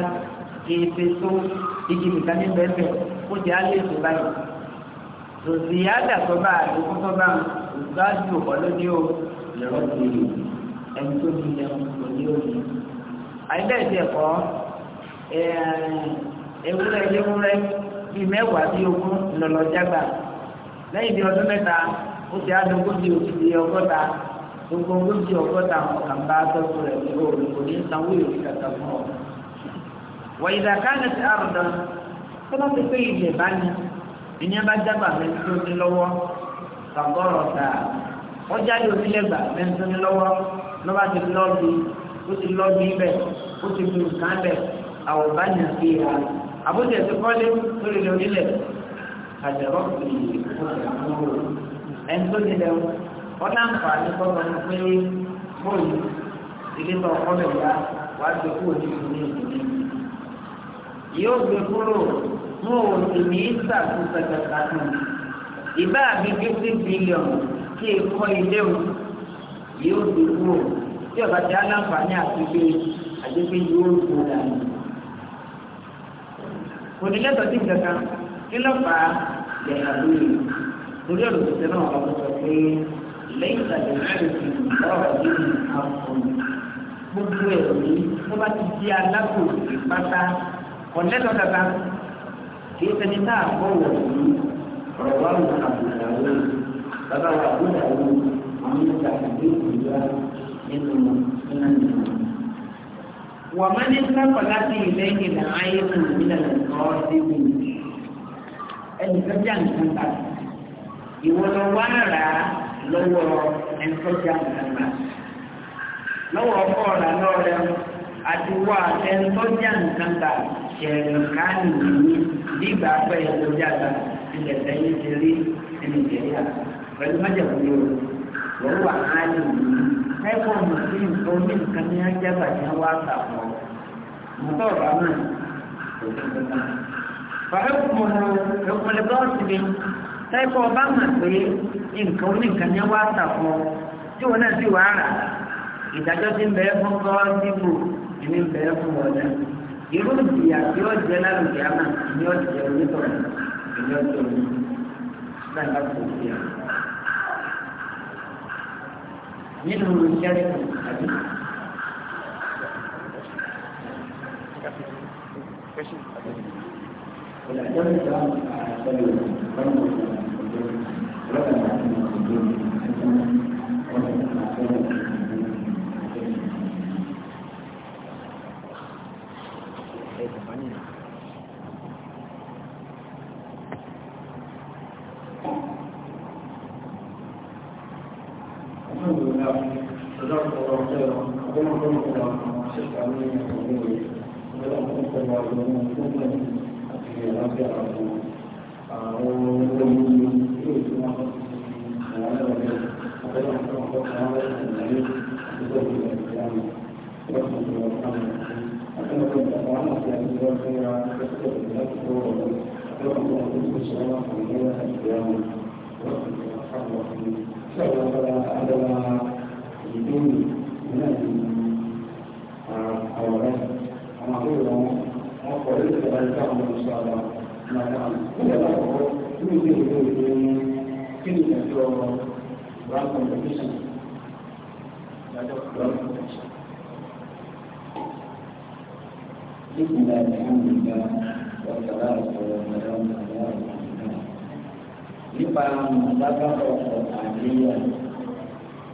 kì í tó igi nìkan níbẹ̀ bẹ̀ kó jẹ́ á lè báyìí tòsí àdàtọ́bà àdókòtọ́bà gbájú ọlọ́dẹ o lọ́rọ́ tèrè ẹni tó ti yẹ òní òní. àìbẹ́ẹ̀ tiẹ̀ kọ́ ewúrẹ́ ewúrẹ́ bíi mẹ́wàá bíi ogún lọ́lọ́jàgbà lẹ́yìn bíi ọdún mẹ́ta ó ti àdókòtì òkìtì ọgọ́ta gbogbo ogójì ọgọ́ta kàmbá tọ́jú rẹ̀ ní òòlù kò ní sanwó ìròyìn kàkà fún ọ. wọ̀nyí dàkánì ti àrùn dán tó bá ti pé ilẹ̀ bá ní ìyẹn bá jábà mẹ́rin tó ní lọ́wọ́ tàbọ̀rọ̀ tà wọ́n jáde onílẹ̀gbà mẹ́rin tó ní lọ́wọ́ lọ́ba ti lọ́ọ̀bì ó ti lọ́ọ̀bì bẹ̀ ó ti fi nǹkan bẹ̀ àwòbá yàn fi hà àbújá ti kọ́lé lórí lórílẹ̀ àjẹrọ́ fi ẹni tó nílẹ̀ wọ́n náà fà ní kọ́kọ́ ní pé bóyì ilé tó ọkọ́ bẹ̀ yá wàá gbé kúrò ní ìlú wọn ò sì ní í ṣàkóso kankan ìbá mi fifty billion kí n kọ́ ilé o yóò di kúrò tí ọba ti aláǹfààní àti pé àdébí yóò gbó dànù. onílẹ̀tọ̀ sí kankan kí ló fà á lẹ́yìn àlóyè torí olùsọ̀tẹ̀ náà wà lọ́sọ̀ pé lẹ́yìn ìtàgé ìṣòfin ọ̀rọ̀ yìí ní àfọ̀n gbogbo ẹ̀rọ yìí wọ́n bá ti di alákòóso pátá ọ̀lẹ́tọ̀ kankan kìí sẹni tá a kọ́ wọ̀ sí ọ̀rọ̀ wa wọ àbùdàwọ̀ bàbá wa àbùdàwọ̀ àwọn ìgbà ìgbé ìgbà nínú nínú nínú. wọ́n máa ní sábà láti ìlẹ́yìn náà ayé kan nílẹ̀ lọ́wọ́ sí mi. ẹnì kan já nǹkan bá ìwọ lọ wá rà lọ́wọ́ ẹnì kan já nǹkan bá lọ́wọ́ ọkọ̀ ọ̀rà lọ́rẹ́ wọn àti wà ẹ̀ńtọ́jà nǹkan ta ṣẹ̀ǹkánì ní bíbá pẹ́ ẹ̀ńtọ́jà ta ilẹ̀ tẹ̀yìn ti rí ẹni jẹ̀yà pẹ̀lú májèkúndé o wọ́n wà áyù ní ẹ̀kọ́ mùsùlùmí tó ní nǹkan ní ajábà ní wá sàpọ̀ mọ́tò ọ̀bà náà kò tó tó náà. fàákùmù ìpínlẹ̀ bọ́ọ̀sì mi tẹ́kọ̀ ọba mọ̀ pé nǹkan oníkan ní wá sàpọ̀ tí wọn náà sì wàá rà ìdájọ́ ti ń bẹ̀rẹ̀ fún gọ́ọ́ ìní bẹ̀rẹ̀ fún wọn náà irú ìjìyà tí ó jẹ lálùjẹ àmà ìní ọ̀jẹ̀ onítọ̀rọ̀ ìní ọ̀jẹ̀ onítọ̀rọ̀ náà bá kò sí à. nínú iṣẹ́ àti Question. إليها الصيام شرف لها أدبها بدون نبي أولاد أنا أقول لهم أقول لك أن تعمل إن شاء الله ما تعمل إلا أقول يمكن أن يكون كلمة nípa àdábàbọ̀ àdéhùn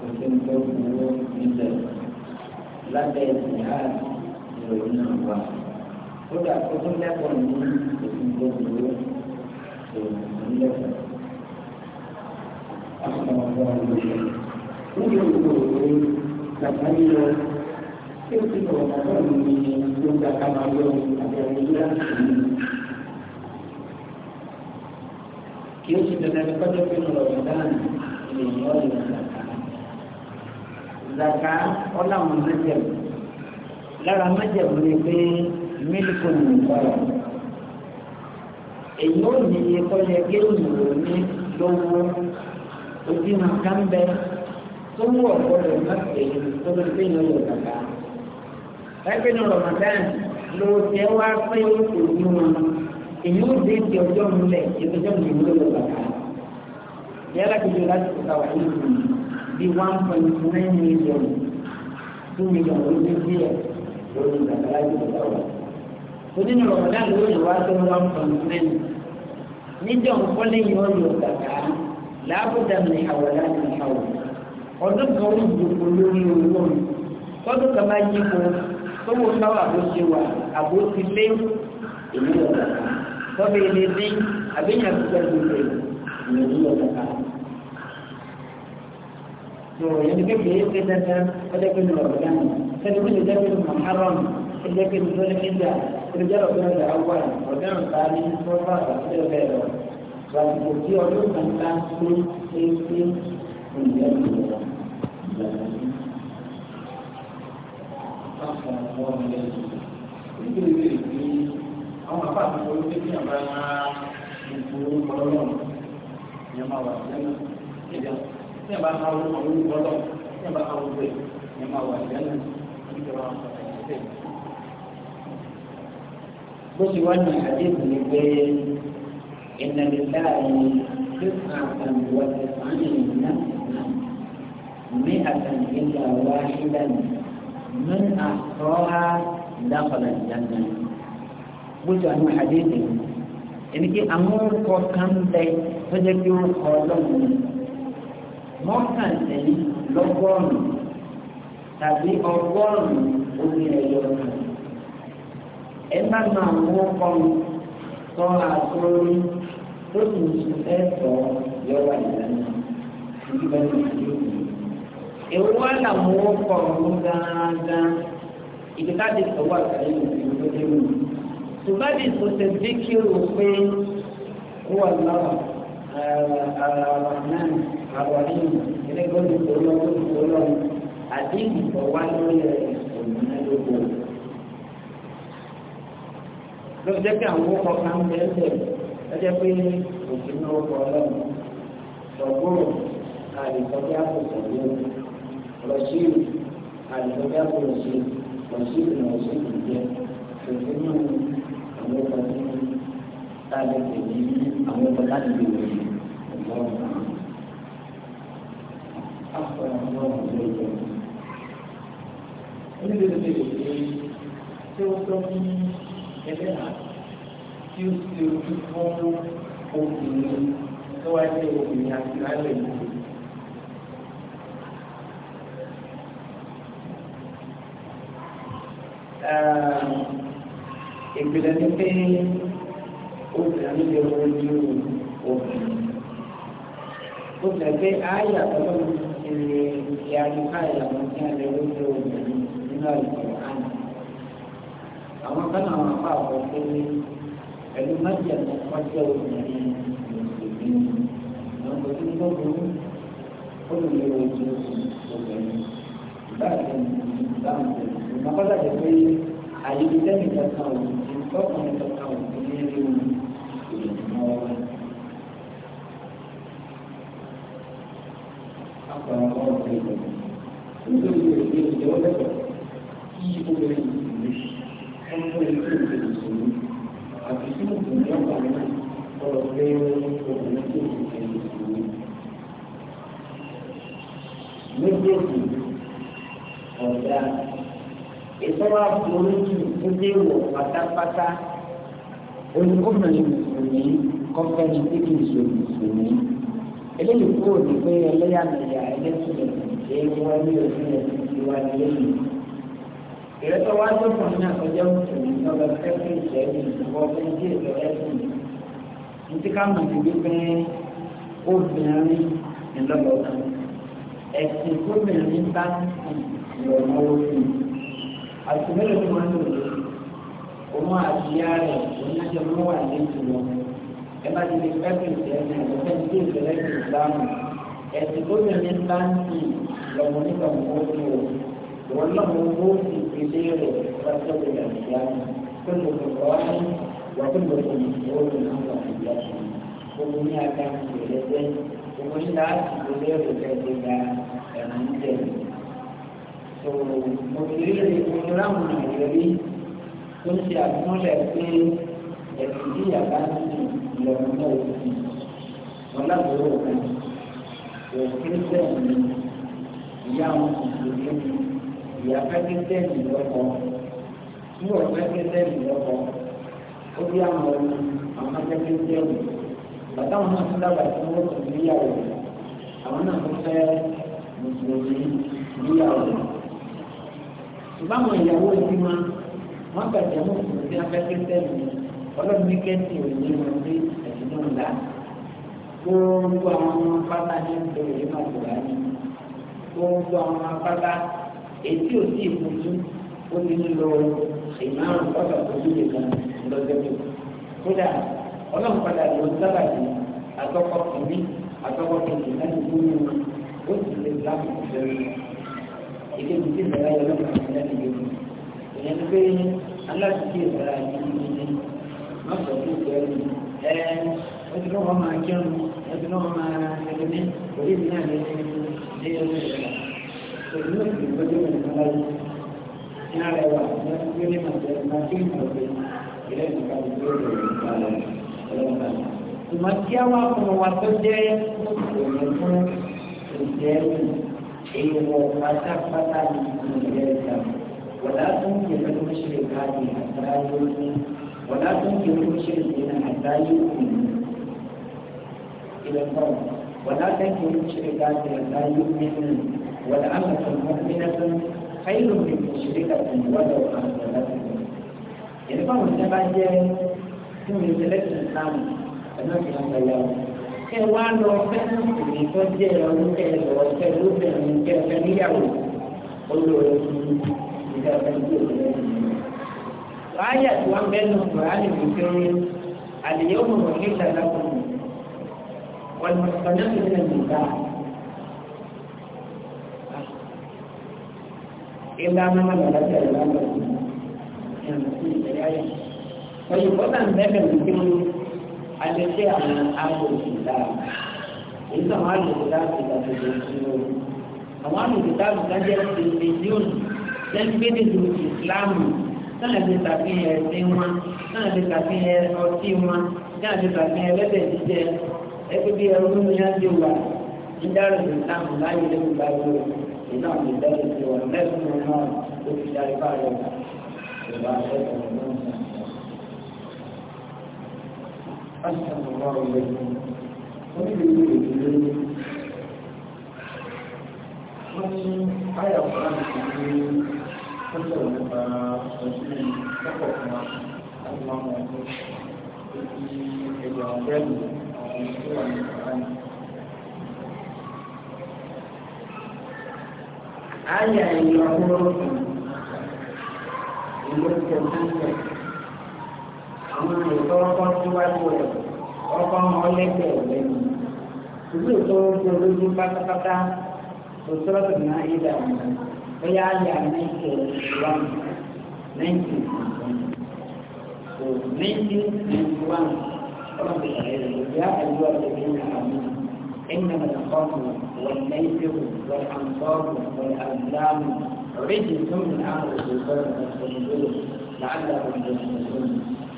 òfin tó burú nílẹ̀ lábẹ́ ìhà ìròyìn náà wà. kódà kó tó lẹ́kọ̀ọ́ ní òfin tó burú òfin lẹ́kọ̀ọ́. Níbi òkòòrò kàkà yíyọ tí ó ti lọ́wọ́ kọ́ ní ìlú gbàgbà máa yọ àbẹ̀wò yíyá sí i kì í ṣe dandan ní kọjọ pé lọrọ dáhùn lèyìn ọyọ zaka zaka ọlọ́run mẹjẹmú lára mẹjẹmú ni pé mílíkù ní ìkọlọ èyí ò ní iye kọjá géèmù ní lówó ojú máa ká ń bẹ tó wù ọ̀pọ̀lọpọ̀ má pè é tó lè pè ní ọyọ zaka ẹgbẹ́ ní Ramadan ló tẹ́ wá pé òun wọn èyí ó dé ti ọjọ́ múlẹ̀ ìtọ́jọ́ mi ìwúlò lọ́wọ́ bàtà yálà kejì láti kọta wà nínú bí one point nine million two million ló dé díẹ̀ lórí bàtà láti kọta wà. onínú rọ̀mọ̀dán ló lè wá tó one point nine níjọ́ nkọ́lé yìí ó yọ bàtà làbúdà mi àwọ̀ láti àwọ̀ ọdún kan ó dùkú lórí owó mi tọ́dún kan bá yí ko tó wọ́n náwó àbóṣe wà àbóṣe lé èyí lọ́wọ́ bàtà tọ́bí ilé dín àbíyàn tó jẹ́ gbogbo ìyẹn ní ọ̀dọ̀ ká. tó yẹn ní kékeré ṣe dandan ọjọ́ pé ní ọ̀dọ̀ dáná sẹ́ni wọ́n lè jẹ́ pé ní maharam ṣe jẹ́ pé ní lórí níjà orí jẹ́ ọ̀dọ̀ ọ̀dọ̀ àwọn ọ̀dọ̀ ọ̀dọ̀ ní sọ́fà àti ọ̀dọ̀ ẹ̀rọ gbàgbọ́ tí ọdún kan ká tó ṣe ṣe ìyẹn ní ọ̀dọ̀ àwọn àpá àti ìwé pé kí àbá ìgbò ọlọ́run ìyẹn máa wà lẹ́nu ìjà tí àbá máa wọ àwọn orúkọ ọlọ́run tí àbá máa wọ bẹ́ẹ̀ ìyẹn máa wà lẹ́nu ìjọba bó ti wá ní àdéhùn ni pé ìnàbí láàrin tẹ̀sán àtàwọn tẹ̀sán ìrìn náà ní àtàwọn ìlà wáhídà ní àtọ́há dákọ̀lá ìjànà bó ti àwọn àdéhùn ẹni pé àwọn orúkọ kan bẹ tó jẹ́ pé ó kọ ọlọ́run mọ́kànlélọ́gọ́rùn-ún tàbí ọgọ́rùn-ún omi ẹ̀yọ kan ẹ má máa mú ọkàn tọ́ àtúrórí tó sì ń sùn fẹ́ tọ́ yọ̀wá ìlànà ìgbà tó ti dé èwo wá làwọn ọkọ̀ ọ̀hún gángan ìdíkàdé tó wà sẹ́yìn ìlú tó dé wù tùbádìí kò tẹ̀ bí kí o pé wà lọ́wọ́ àràmánì àwàlíyìn ẹlẹ́gbọ́dún olóhùn olóhùn àdéhùn ìfọwá lórí rẹ̀ òmìnirúgbò. ló jẹ́ pé àwọn ọkọ̀ kan bẹ́ẹ̀ bẹ́ẹ̀ lọ́jọ́ pé òfin náà kọ ọlọ́run sọ̀gbọ́rọ̀ àìsọ̀bí àkókò lórí rọ̀ṣíìlì àìsọ̀bí àkókò rọ̀ṣíìlì rọ̀ṣíìlì náà ṣì ń jẹ́ òfin náà àwọn ọkọ̀ tí tá a lè pè ní àwọn ọkọ̀ láti lè wẹ̀ ọ̀gbọ́n ọ̀gbọ́n. Afọ àwọn ọmọ ìlú ìjọ. Oníbẹ̀rẹ̀ bẹ̀rẹ̀ pé ṣé ó tọ́ ní ẹlẹ́hà tí ó ti ojú fún obìnrin tó wá jẹ́ obìnrin àti lálẹ́ ìlú. Um, ìpìlẹ̀ ní pé obìnrin lè wọ ojú obìnrin. ó tẹ̀ pé àyà ọlọ́run ti lè ṣe àyíká ìyàwó ní alẹ́ ojú obìnrin nínú àìsàn àná. àwọn kan náà wọ́n pa àpò pé pẹ̀lú májèlé ọjọ́ obìnrin lòdì àwọn kò sí tó burú ó lè lè wọ ojú obìnrin. báyìí ni ìdáhùn ìgbà pàtàkì pé àyíkí tẹ́lẹ̀ kankan ò ní tọ́kùnrin kankan ò ní ní rí wọn ìrìnà wa. Àpàrọ̀ ọmọ ọ̀gbìn lọ. Nítorí ìwé ìjọ lẹ́kọ̀ọ́ kí obìnrin ìlú ọmọ ìlú ìlú ìṣòro àti tí mo kò ní ọ̀pá náà ọ̀rọ̀ pé obìnrin tó kò ní ìṣòro. Méjèèjì ọ̀dà ìtọ́wá fún orí tó dé wọ̀ pátápátá olùkọ́mọ̀lẹ́ mùsùlùmí kọ́kẹ́ ní pé kì í ṣe mùsùlùmí eléyìí kúrò ní pé ẹlẹ́yàmẹ̀yà ẹlẹ́sìnlẹ̀ ṣe é wọ́n ní òṣèlú ìwádìí lẹ́yìn ìrẹ́tọ́ wá tó fún mi náà kọjá mùsùlùmí lọ́gbà fẹ́ẹ́ ìṣẹ́ ìṣùgbọ́n fẹ́ sí ètò ẹ̀sìn títí ká mọ̀ sí wípé obìnrin ìlọ́gbọ̀n ẹ̀sìn gómìnà ní bá ń sìn lọ́wọ́ sí i àti mélòó ni wọ́n ń lò lórí òun àti ìyá rẹ̀ oníṣẹ́ mú wà ní ìtumọ̀ ẹ má ti di pẹ́pìn tẹ́ ní ẹ̀lọ́fẹ́ ní ìṣẹ̀lẹ̀ ti ìsìlámù ẹ̀sìn gómìnà ní báńkì lọ́mọ nígbà mọ́ ní o wọ́n lọ́mọ owó ti ìdílé rẹ̀ lọ́sọ̀ ìgbà ìyáàmù pé mo kò kọ́ wáyé wọ́n pé mo kò ní owó ní àwọn ìyá rẹ̀ gbogbo ní agbára ìrẹsẹ̀ gbogbo ní láti ìdílé rẹ̀ fẹ́ẹ́ tó òṣèré ìpinnu láwọn ìrírí tó ń ṣe àtúnlẹ̀ pé ẹ̀sìn tí yàrá ń sìn ìlọ́run náà ó sì wọn lábúrò kan òkèrè bẹ́ẹ̀ ni ìyá wọn kò sí ní ìyá pẹ́kẹ́tẹ́ ìlọ́kọ̀ nígbà pẹ́kẹ́tẹ́ ìlọ́kọ̀ ó bí àwọn ọmọ àwọn pẹ́kẹ́tẹ́ ìlọ́kọ̀ bàtà báwọn ìyàwó ti máa wọ́n gbàgbé àwọn òṣèlú tí a fẹ́ fẹ́ sẹ́yìn ni ọlọ́run ní kẹ́ntì ò ní wọn dé ẹ̀sìn náà là gbogbo àwọn pátá ní ìbẹ̀rẹ̀ yìí máa gbòòrò ayé gbogbo àwọn pátá etí ò sí ìfojú ó ti ń lọ ìmárùn pátá ojú lè kan lọ́jọ́jọ́ kódà ọlọ́run padà lọ sábàdì àtọ́kọ́ kìíní àtọ́kọ́ kìíní láti gbóyún ó sì lè láti fẹ́ràn èkejì tí ìbẹ̀rẹ̀ ayọ̀ lọ́kàn àti láti yọjú èèyàn ti pé aláàtúntì ìbẹ̀rẹ̀ ayọ̀ ní ní má sọ fún ìbẹ̀rẹ̀ mi ẹ ó ti lọ́wọ́ máa jẹun ó ti lọ́wọ́ máa ẹni ní orí mi náà lè ní ẹni ìrẹ̀lẹ̀ pẹ̀lú òsì ìgbọ́jọ́ mi nìkan láyé ní ara ẹwà lọ́sí pé ní màá jẹun máa kí ìmọ̀ ọ̀gbẹ́ ìrẹ́ nìkan lè tó lè rìn kalẹ̀ ọlọ́mọdé ìmọ̀ kí á wá fún wa tó jẹ́ òṣèlú fún ìjẹ́ إنه خسفة من هذه ولا تنكر المشركات حتى يؤمن ولا تنكر المشركين حتى يؤمن إلى الفرد ولا تنكر هذه حتى يؤمن والأمة مؤمنة خير من مشركة ولو أنزلتكم يعني فهو الزمان جاي ثم يزلت الإسلام فنحن نتجاوز kẹ wá lọ fẹ́ ní tó jẹ́ ọdún kẹ lọ fẹ́ lóbìnrin kẹ fẹ́ níyàwó olóòrè fún ìjà fẹ́ ní òkúta ìlú. Ráyà tí wọ́n bẹ́ẹ̀ nù Kùránì mi fi rí àlèyé òmùmọ̀ ní ìtàlákùn wọn wọ́n ní ìlú ìgbà. Ilá máa lọ láti ẹ̀rọ lọ́wọ́ ìyàwó sí ìjẹ́yà yìí. Òyìnbó náà bẹ́ẹ̀ bẹ̀rẹ̀ sí alẹ́sẹ̀ àwọn amòkúta èyí tó àwọn amòkúta ìgbà gbogbo ìṣúná àwọn amòkúta ìgbà jẹ́ tẹlifíṣíọ̀nù lẹ́gbẹ̀dẹ̀ tó ìsìláàmù náà ti ṣàfihàn ẹ̀sìn wọn náà ti ṣàfihàn ọtí wọn náà ti ṣàfihàn ẹlẹ́dẹ̀ jíjẹ ẹgbẹ́ bí ẹrú ní láti wà nídàrú ìsìláàmù láyé lẹ́nu gbàgbọ́ iná àti ìdájọ́ ti wà lẹ́sùn náà ó fi darí bá rẹ̀ wà lẹ́sùn náà. أسأل الله إليكم ìlú akúrọ̀ọ̀sùn ìlú ìjọba àwọn olùkọ́ ọkọ̀ síwájú rẹ̀ ọkọ̀ wọn lẹ́sẹ̀ lẹ́nu ìlú tó ń gbé olójú pátápátá kò sọ́rọ́ tó ná ìdá ọ̀nà bóyá àyà náìjì wọn náìjì kò náìjì náìjì wọn ọmọ bìyà rẹ̀ lọ́jà àdúrà tẹ̀lé ní àmì إنما الخمر والميسر والأنصاب والأزلام رجل من أمر الشيطان فاستنزلوا لعلهم يسلمون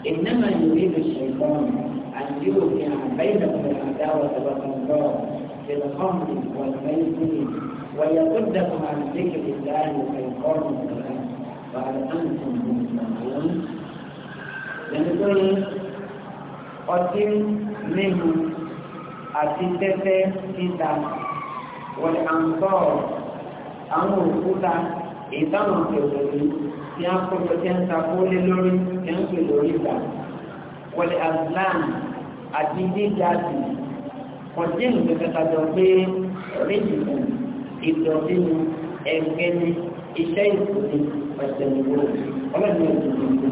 إنما يريد الشيطان أن يوقع بينهم العداوة والبغضاء في الخمر والميسر ويصدكم عن ذكر الله ويقوم بالله وهل أنتم مسلمون؟ لنقول ọtí mímu àti tẹ́tẹ́ títa wọ̀lẹ̀ àǹtọ́ àwọn èyí táwọn ọ̀sẹ̀ òṣèlú tí a kọjọ tí a ń ta kólé lórí tí a ń pè lórí ìgbà wọlé azlan àti dídáàtì kọjá ìlú kẹkẹtàjọ pé ríjì fún ìdọ̀tí ni ẹgbẹ́ ni iṣẹ́ ìkù ni ọ̀sẹ̀ ìwò ọlọ́dún ìlú ìlú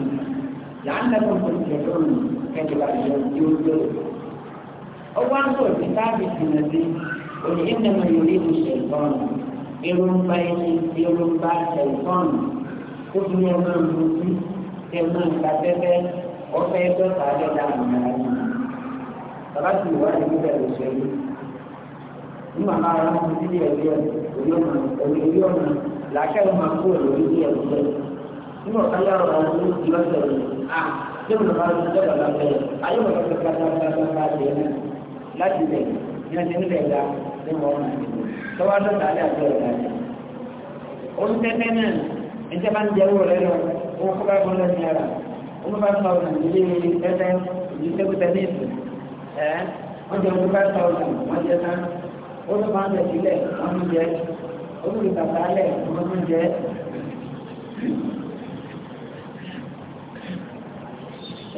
làálàkùn tó ti lọ́dọ̀ nù kẹjọba ìjọ tí ó gbé ọwọ́ àgbọ̀ tí táàbì jìnnà sí òní ìdẹ̀mọ̀ yòrí ìṣẹ̀lẹ̀ ọ̀nà èròǹgbà ẹni èròǹgbà ẹ̀fọ́n tó fi ní ọmọ ìmọ̀tí ẹ̀mọ ìgbàfẹ́fẹ́ ọ̀fẹ́ dọ́ta dọ́ta àmàlà bàbá tí ìwà ìdílé rẹ̀ ṣẹlẹ̀ ní màmá ara ń fi sílẹ̀ ẹ̀rí ẹ̀ òní orí ọ̀nà làákẹ́ ọmọ kú ẹ̀ lórí ilé ẹ̀rí ẹ̀ nínú ọ̀ká yàrá ọ̀rọ̀ ọ̀rọ̀ ìlọ́sẹ̀ rẹ̀ à ṣé mo bá ti dọ́ta lọ́sẹ̀ ayé wọn lọ́sẹ̀ kátàkátà láti ẹ̀ láti bẹ̀ ní ọjọ́ nílẹ̀ ẹ̀dá ní wọn ọ̀nà tọ́wọ́ tó tà lẹ́ àti ọ̀gá rẹ̀ olùtẹ́tẹ́ náà ẹ̀jẹ̀ máa ń jẹ owó rẹ̀ lọ owó kọ́kọ́ ẹ̀kọ́ lọ́sí ara owó bá sọ ọ̀nà ìdílé tẹ́tẹ́ ìdílé tẹ́tẹ́ ẹ̀ wọ́n jẹ owó bá sọ ọ̀nà wọ́n jẹ tán ó ló máa ń lẹ̀ sílẹ̀ wọ́n ń jẹ ó lè bàbá lẹ̀ wọ́n ń jẹ.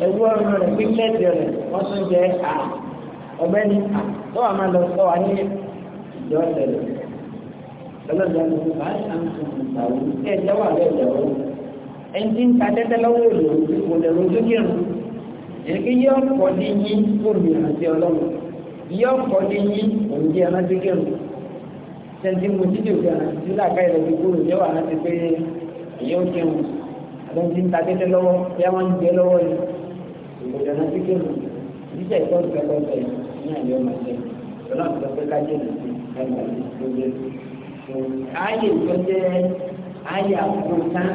ẹ̀wú ọ̀run rẹ̀ pínlẹ̀ rẹ̀ wọ́n tún jẹ ọ̀gbẹ́ni tó wà sọ wà ní yọ ọ̀sẹ̀lẹ̀ lọ́lọ́dọ̀ ló ń bá àǹtùn ìgbàwó ẹ̀ jẹ́wọ́ àbẹ́ ìjẹ́wọ́ ẹni tí ń ta tẹ́tẹ́ lọ́wọ́ òlò kò lè rojú kírun èké yọ ọkọ̀ ní yí fóònù àti ọlọ́run yọ ọkọ̀ ní yí òun jẹ́ rántí kírun sẹ́ńtì mo ti dìbò àná tí làkà ìrẹ̀ ti kúrò jẹ́wọ́ àná ti pé èyí ó kírun àbẹ́ni tí ń ta tẹ́tẹ́ lọ́wọ́ bí a máa jẹ lọ́wọ́ yìí kò lè rántí kírun jíjẹ́ ìtọ́jú kẹ́kọ̀ọ́ ayé tó jẹ́ ayé àkókò tán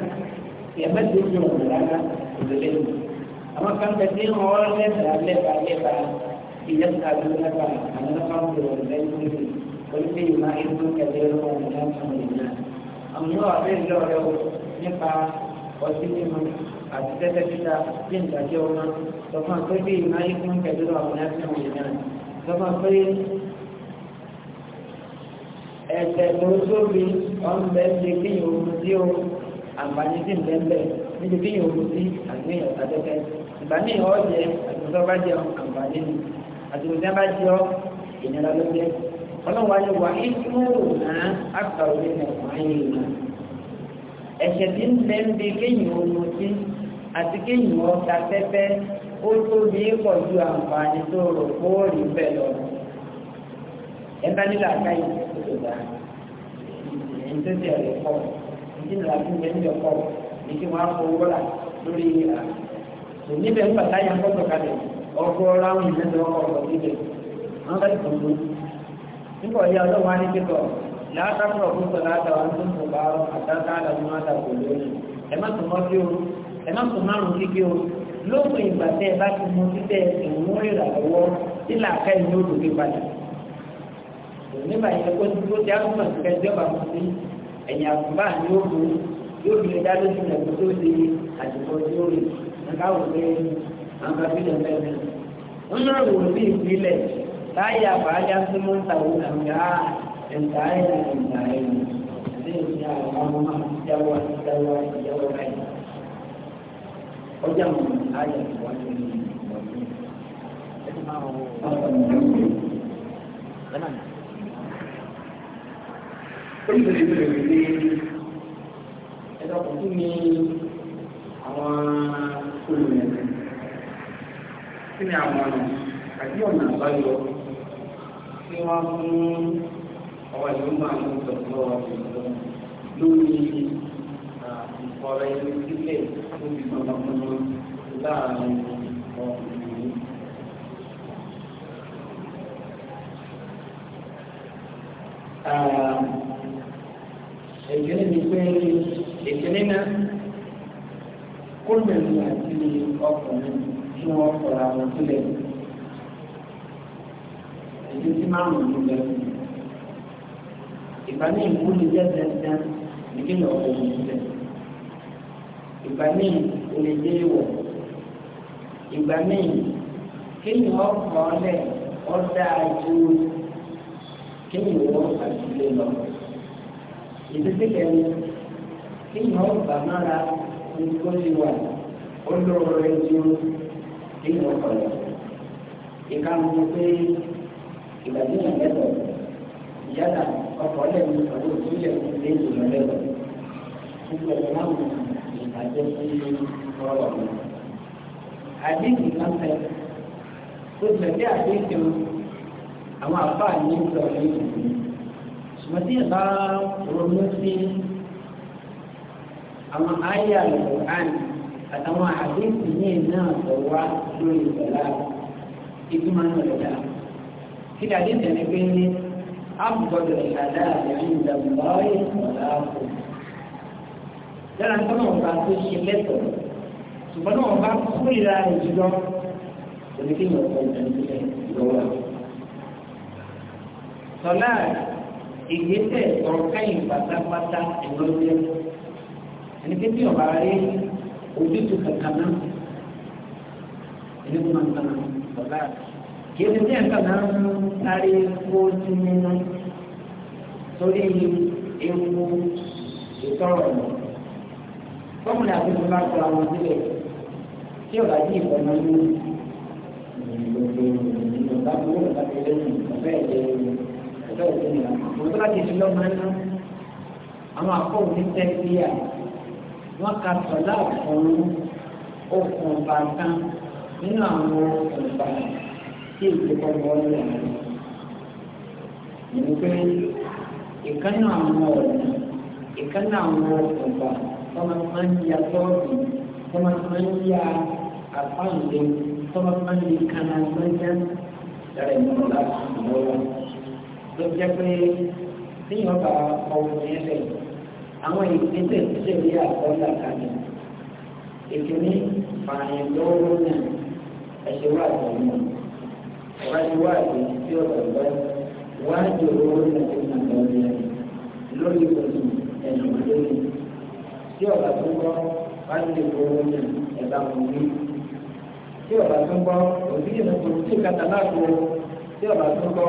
yẹ̀mẹ́ tó jẹ́ ọ̀nà rárá òdòdó yìí àwọn kan tẹ̀ sí wọn lẹ́sàá lẹ́sàá lẹ́sàá ìyẹn tàbí lẹ́sàá àwọn kan tó wọ̀ lẹ́yìn tó olùdí ìmá ìlú kẹlẹ́ ló wà nílá fún ìlú àwọn yóò abẹ́ ìlú ọ̀rẹ́ o nípa ọtí mímu àti tẹ́tẹ́ títa bí ìdájọ́ wọn sọ fún àpébí ìmá ìlú kẹlẹ́ ló wà nílá fún ìlú sọ fún àpébí ẹ̀sẹ̀ lóṣooṣì ọ̀nbẹ ṣe kí yòó mu sí o àǹfààní sí nbẹ́nbẹ́ níbi kí yòó mu sí àgbéyàn àtẹ́tẹ́ ìgbà ní ọ̀jẹ̀ àtúntò bá jẹ àǹfààní ni àtúntò bá jẹ ọ ìnira ló jẹ ọlọ́wọ́ ayé wa ìtumọ̀ náà àkàrò ní ẹ̀kọ́ ayé ìlú ẹ̀sẹ̀ tí ń bẹ́ńbẹ́ kéyìn oorun sí àti kéyìn ọ̀ta tẹ́tẹ́ ó tóbi pọ̀ ju àǹfààní tó rò kóòrì bẹ́ẹ̀ lọ tí ó dá ìtẹ́sí ẹ̀rọ pọ̀ ìdílé àti ìgbẹ́jọ pọ̀ ìdí wọn á fowó rà lórí ìlà tó níbẹ̀ ń bàtà yà kọ́tọ̀ kalẹ̀ ọkọ̀ ráhùn ìlẹ́dọ̀ ọkọ̀ ọ̀rọ̀ níbẹ̀ wọn bá tó tó nípa ọ̀yà ọlọ́wọ́ anígbẹ́tọ̀ látàkùn ọ̀gbọ́n sọ látàwọn tó ń bọ̀ àtàkà àdàmú àtàkùn lónìí ẹ má tó mọ́ sí o ẹ má tó márùn-ún kíkí o lóògùn nígbà yẹn kó tó ti àkókò nǹkan ìjọba kò sí ẹ̀yìn àkùnbá ni ó bu yóò fi dá lójú rẹ̀ kó tó di àsìkò tí ó rìn nígbà wò pé àwọn bá fi lọ́ọ́ bẹ́ẹ̀ ń lọ wò ní ìpínlẹ̀ láyé àbáyá tí mo ń àgbà ẹ̀ǹtà ẹ̀ǹtà ẹ̀ǹtà ẹ̀ǹtà àwọn ìyàwó ìyàwó ìyàwó báyìí ọjà mọ̀ ó ní ìbéèrè ìbéèrè wípé ẹ̀dọ́ kò kí ni àwọn olùyẹ̀kẹ́ kí ni àwọn ọ̀nà àti ọ̀nà àbáyọ kí wọ́n fún ọwọ́ ìlú máa ń tọ̀tọ̀ ọ̀rọ̀ lórí ìfọ̀rọ̀ ẹni sílẹ̀ lórí ìgbọ̀nàmọ́ná láàárín ọ̀hún. ìkíní ni pé ìkíní náà kúlùmẹ̀lì àti ọkùnrin tí wọ́n fọ̀rọ̀ àwọn sílẹ̀ èyí tí máa ń lò lẹ́nu ìbáni ìwúlò jẹ́ dandan ìdílé ọkùnrin sílẹ̀ ìbáni olè dé ìwọ̀ ìbáni kí ni ọkọ̀ ọ̀lẹ̀ ọ̀dà àjò kéèyàn wọn àtìlé lọ ìdílé kẹrin kéèyàn bàmára nǹkan ti wà olóore ju kéèyàn kọlọ ìka mú pé ìgbàdí yàn lẹ́tọ̀ yálà ọkọ̀ lẹ́nu ọdún tó yẹ kó lé ìlú lẹ́tọ̀ gbogbo ẹ̀ láwọn ìbàjẹ́ fún ọ̀rọ̀ mi. àdéhùn kan fẹ́ tó tẹ̀lé àdéhùn àwọn àfáà ní ìgbà ọ̀rẹ́ ìgbìmọ̀ ṣùgbọ́n tí ìbá ronú sí àwọn ayé àlùkòrán àtàwọn àdéhùn ní náà tó wá lórí ìgbàlá ìgbìmọ̀ náà lọ́dà kí ni àdéhùn ẹni pé ní àbùgbọ́dọ̀ ìṣàdá àdéhùn ìdàgbà ọ̀rẹ́ ìgbàlá kù yàrá ń tọ́nà ọ̀gá tó ṣe lẹ́tọ̀ọ́ ṣùgbọ́n náà ọ̀gá kúrìlà ìjùlọ òní kí ni ọ̀pọ̀ ìdàgbà lọ́wọ́ sọlá ìgbésẹ̀ ọ̀kẹ́yìn pátápátá ìlọ́jẹ́ ẹni pé bí ọ̀bá rí ojútùú kankan náà ẹni kó máa ń tán sọlá kí ẹni tí ẹ̀ka náà ń sáré kó tún nínú torí ewu ìtọ́rọ̀ ọ̀nà fọ́mùlà àti ìfọ̀nà kọ àwọn sílẹ̀ tí ọ̀bá yí ìfọ̀nà ní ìlú ìlú ìlú ìlú ìlú ìlú ìlú ìlú ìlú ìlú ìlú ìfẹ́ òfin yà òun tó bá ti fi lọ́mọ ẹ̀ náà àwọn akọ́wò ní tẹ́lifíà wọ́n ka sọ̀lá ọ̀hún okùn bàtà nínú àwọn ọ̀gbà tí ìgbẹ́kọ̀ wọ́n lẹ̀ ní. Ìgbẹ́ ìkànnì àwọn ọ̀nà ìkànnì àwọn ọ̀gbà tọ́mọ máa ń ya tọ́ọ̀dù tọ́mọ máa ń ya àpáǹdé tọ́mọ máa ń ya kànáńgbẹ́jẹ́ rẹ̀ mọ́lá lọ́wọ́ jẹ́ pé téèyàn bá ọ̀rọ̀ yẹn sẹ́yìn àwọn ìgbésẹ̀ ìṣẹ̀lẹ̀ àkọọ́lá kàní ìkíní fààyàn lọ́wọ́ náà ẹ̀ṣẹ̀ wà lọ́wọ́ wájú wájú tí ó bàbá wájú owó náà tó nà lọ́wọ́ yẹn lórí ìgbésùn ẹ̀nà lórí tí ọ̀gá tó ń bọ́ wájú owó náà ẹ̀bá wọn wí tí ọ̀gá tó ń bọ́ òbí ìrìnàkùn tí kàtàlá kú tí ọ̀gá tó ń bọ́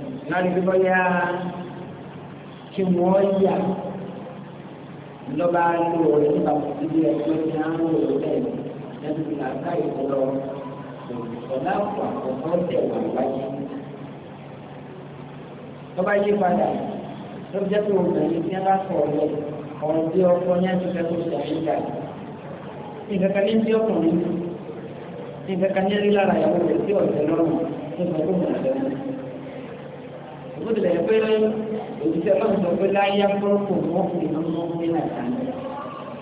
láti fi bọ́yá kí wọ́n yà lọ́ba ló rẹ̀ nípa ìdílé ẹgbẹ́ tí a ń lò lọ́lẹ̀ láti fi làákà ìfọlọ́ ọ̀dà àpò àkọ́kọ́ tẹ̀ wà wáyé. lọ́ba yí padà tó jẹ́ pé obìnrin tí wọ́n bá sọ ọ̀lẹ́ ọ̀rọ̀ bí ọkọ ní àti ìfẹ́ tó ṣe àyíká nǹkan kan ní bí ọkùnrin nǹkan ní rí lára ìyàwó rẹ̀ tí ọ̀sẹ̀ lọ́rùn tó bó tilẹ̀ pé òṣìṣẹ́ náà sọ pé láyé fọ́ọ̀kù wọn kò ní mọ́ ní nàìjíríà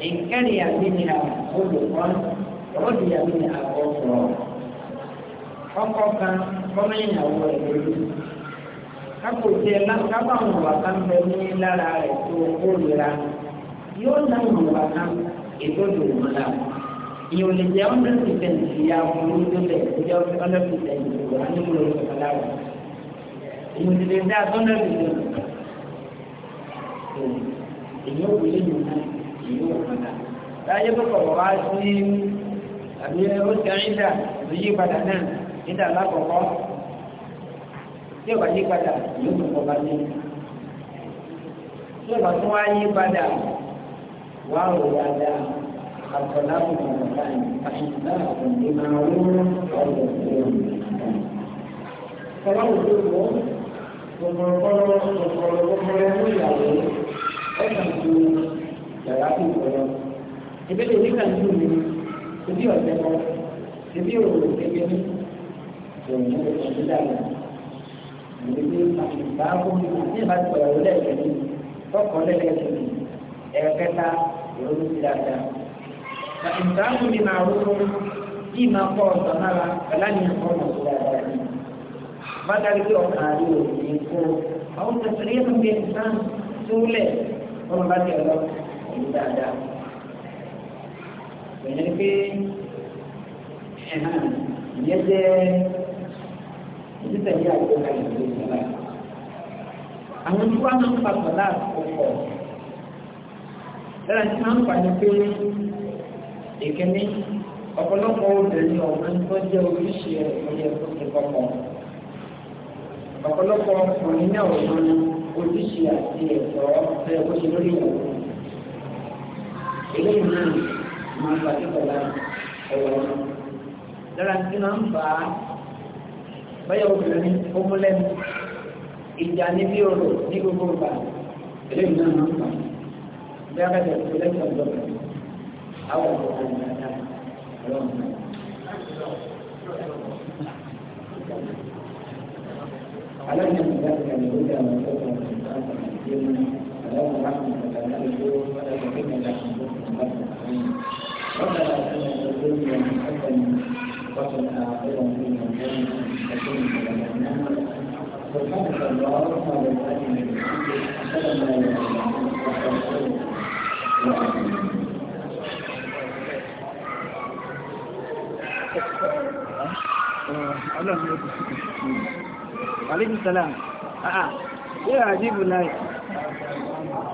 ìkẹ́rì àbí ni olùkọ́ ọ̀dì àbí ni àkọ́kọ́ ọkọ̀ kan kọ́mọ ìyàwó ẹ̀ lórí kápò tiẹ̀ kápò àwọn ọ̀wà kan bẹ ní lára rẹ̀ tó kórìíra yóò náà ọ̀wà kan ètò ìdòwò náà ìyẹn ò lè jẹ́ hundred percent ìyá ọmọ orílẹ̀-èdè ìjọba hundred percent ìjọba ní mo lè sọ̀rọ̀ láwọn ìmùdílé ní àtọ́nà ìlú èyí ò wọlé yìí náà èyí ò padà láyé tó kọ̀ọ̀ wá sí àbí ó ti rí dà ló yí padà náà nígbà lákọ̀ọ́kọ́ tí ò bá yí padà yóò tó kọ̀ bá ní tí ò bá tún wá yí padà wá ò wá dá àtọ̀lábù kọ̀ọ̀kan àìsàn àkùnrin máa ń rún ọ̀rọ̀ ìlú. Kọ̀wá òṣèlú gbogbo ọpọlọ ọpọlọ gbogbo ẹmú ìyàwó ẹ̀ka ju yàrá kù pọlọ ebi tó ní kàn ju mi ebi ọ̀sẹ̀ kọ ebi òwò ebi mi òwò ọdún dàgbà ebi àti báàbò mi àti ìbáṣe pọlọ lẹ́ẹ̀kẹ́ mi tọkọ lẹ́ẹ̀kẹ́ mi ẹ̀ẹ̀kẹta ìrònú ti dáadáa ìtàkùn mi máa ní kó àwọn tẹ̀sílẹ̀ yẹn bí ẹ̀sán súnlẹ̀ wọn bá jẹ lọ èyí dáadáa. Bẹ̀rẹ̀ ni pé ẹ̀hán ìyẹn jẹ́ ìdíje yìí àti ọ̀gá ìlú ìjọba. Àwọn tí wọ́n máa ń pa pọ̀ láàbò pọ̀. Lára tí máa ń pa ni pé ìkíní ọ̀pọ̀lọpọ̀ obìnrin ọ̀gbìn tó jẹ́ oríṣi ẹ̀kọ́ yẹ kó ti kọ́kọ́ ọ̀pọ̀lọpọ̀ ọkùnrin náà ló ojúṣe àti ẹ̀tọ́ bẹ́ẹ̀ kó ṣe lórí ìwọ̀n. eléyìí náà máa ń pàṣípọ̀ láti ọ̀rọ̀ ọ̀nà. lára tí máa ń fà á báyọ̀ obìnrin ó mú lẹ́nu ìjà ní bí ọ̀rọ̀ ní gbogbo ìgbà eléyìí náà máa ń fà á. bí akájọ ìpínlẹ̀ ìjọba àwọn ọ̀rọ̀ ọ̀rọ̀ ọ̀rọ̀ ọ̀rọ̀ ألم يكن ذلك ان اليهود والنصارى والشيطان والمسلمين فلهم رحمة فلا يجوز ولا يكن لهم رحمة ربنا اتنا في الدنيا حسنة وفي الآخرة حسنة وقنا عذاب النار سبحانك اللهم وبحمدك أشهد أن لا إله إلا أنت أستغفرك وأتوب إليك ألم يكن alaikum salam a'a ya ajibu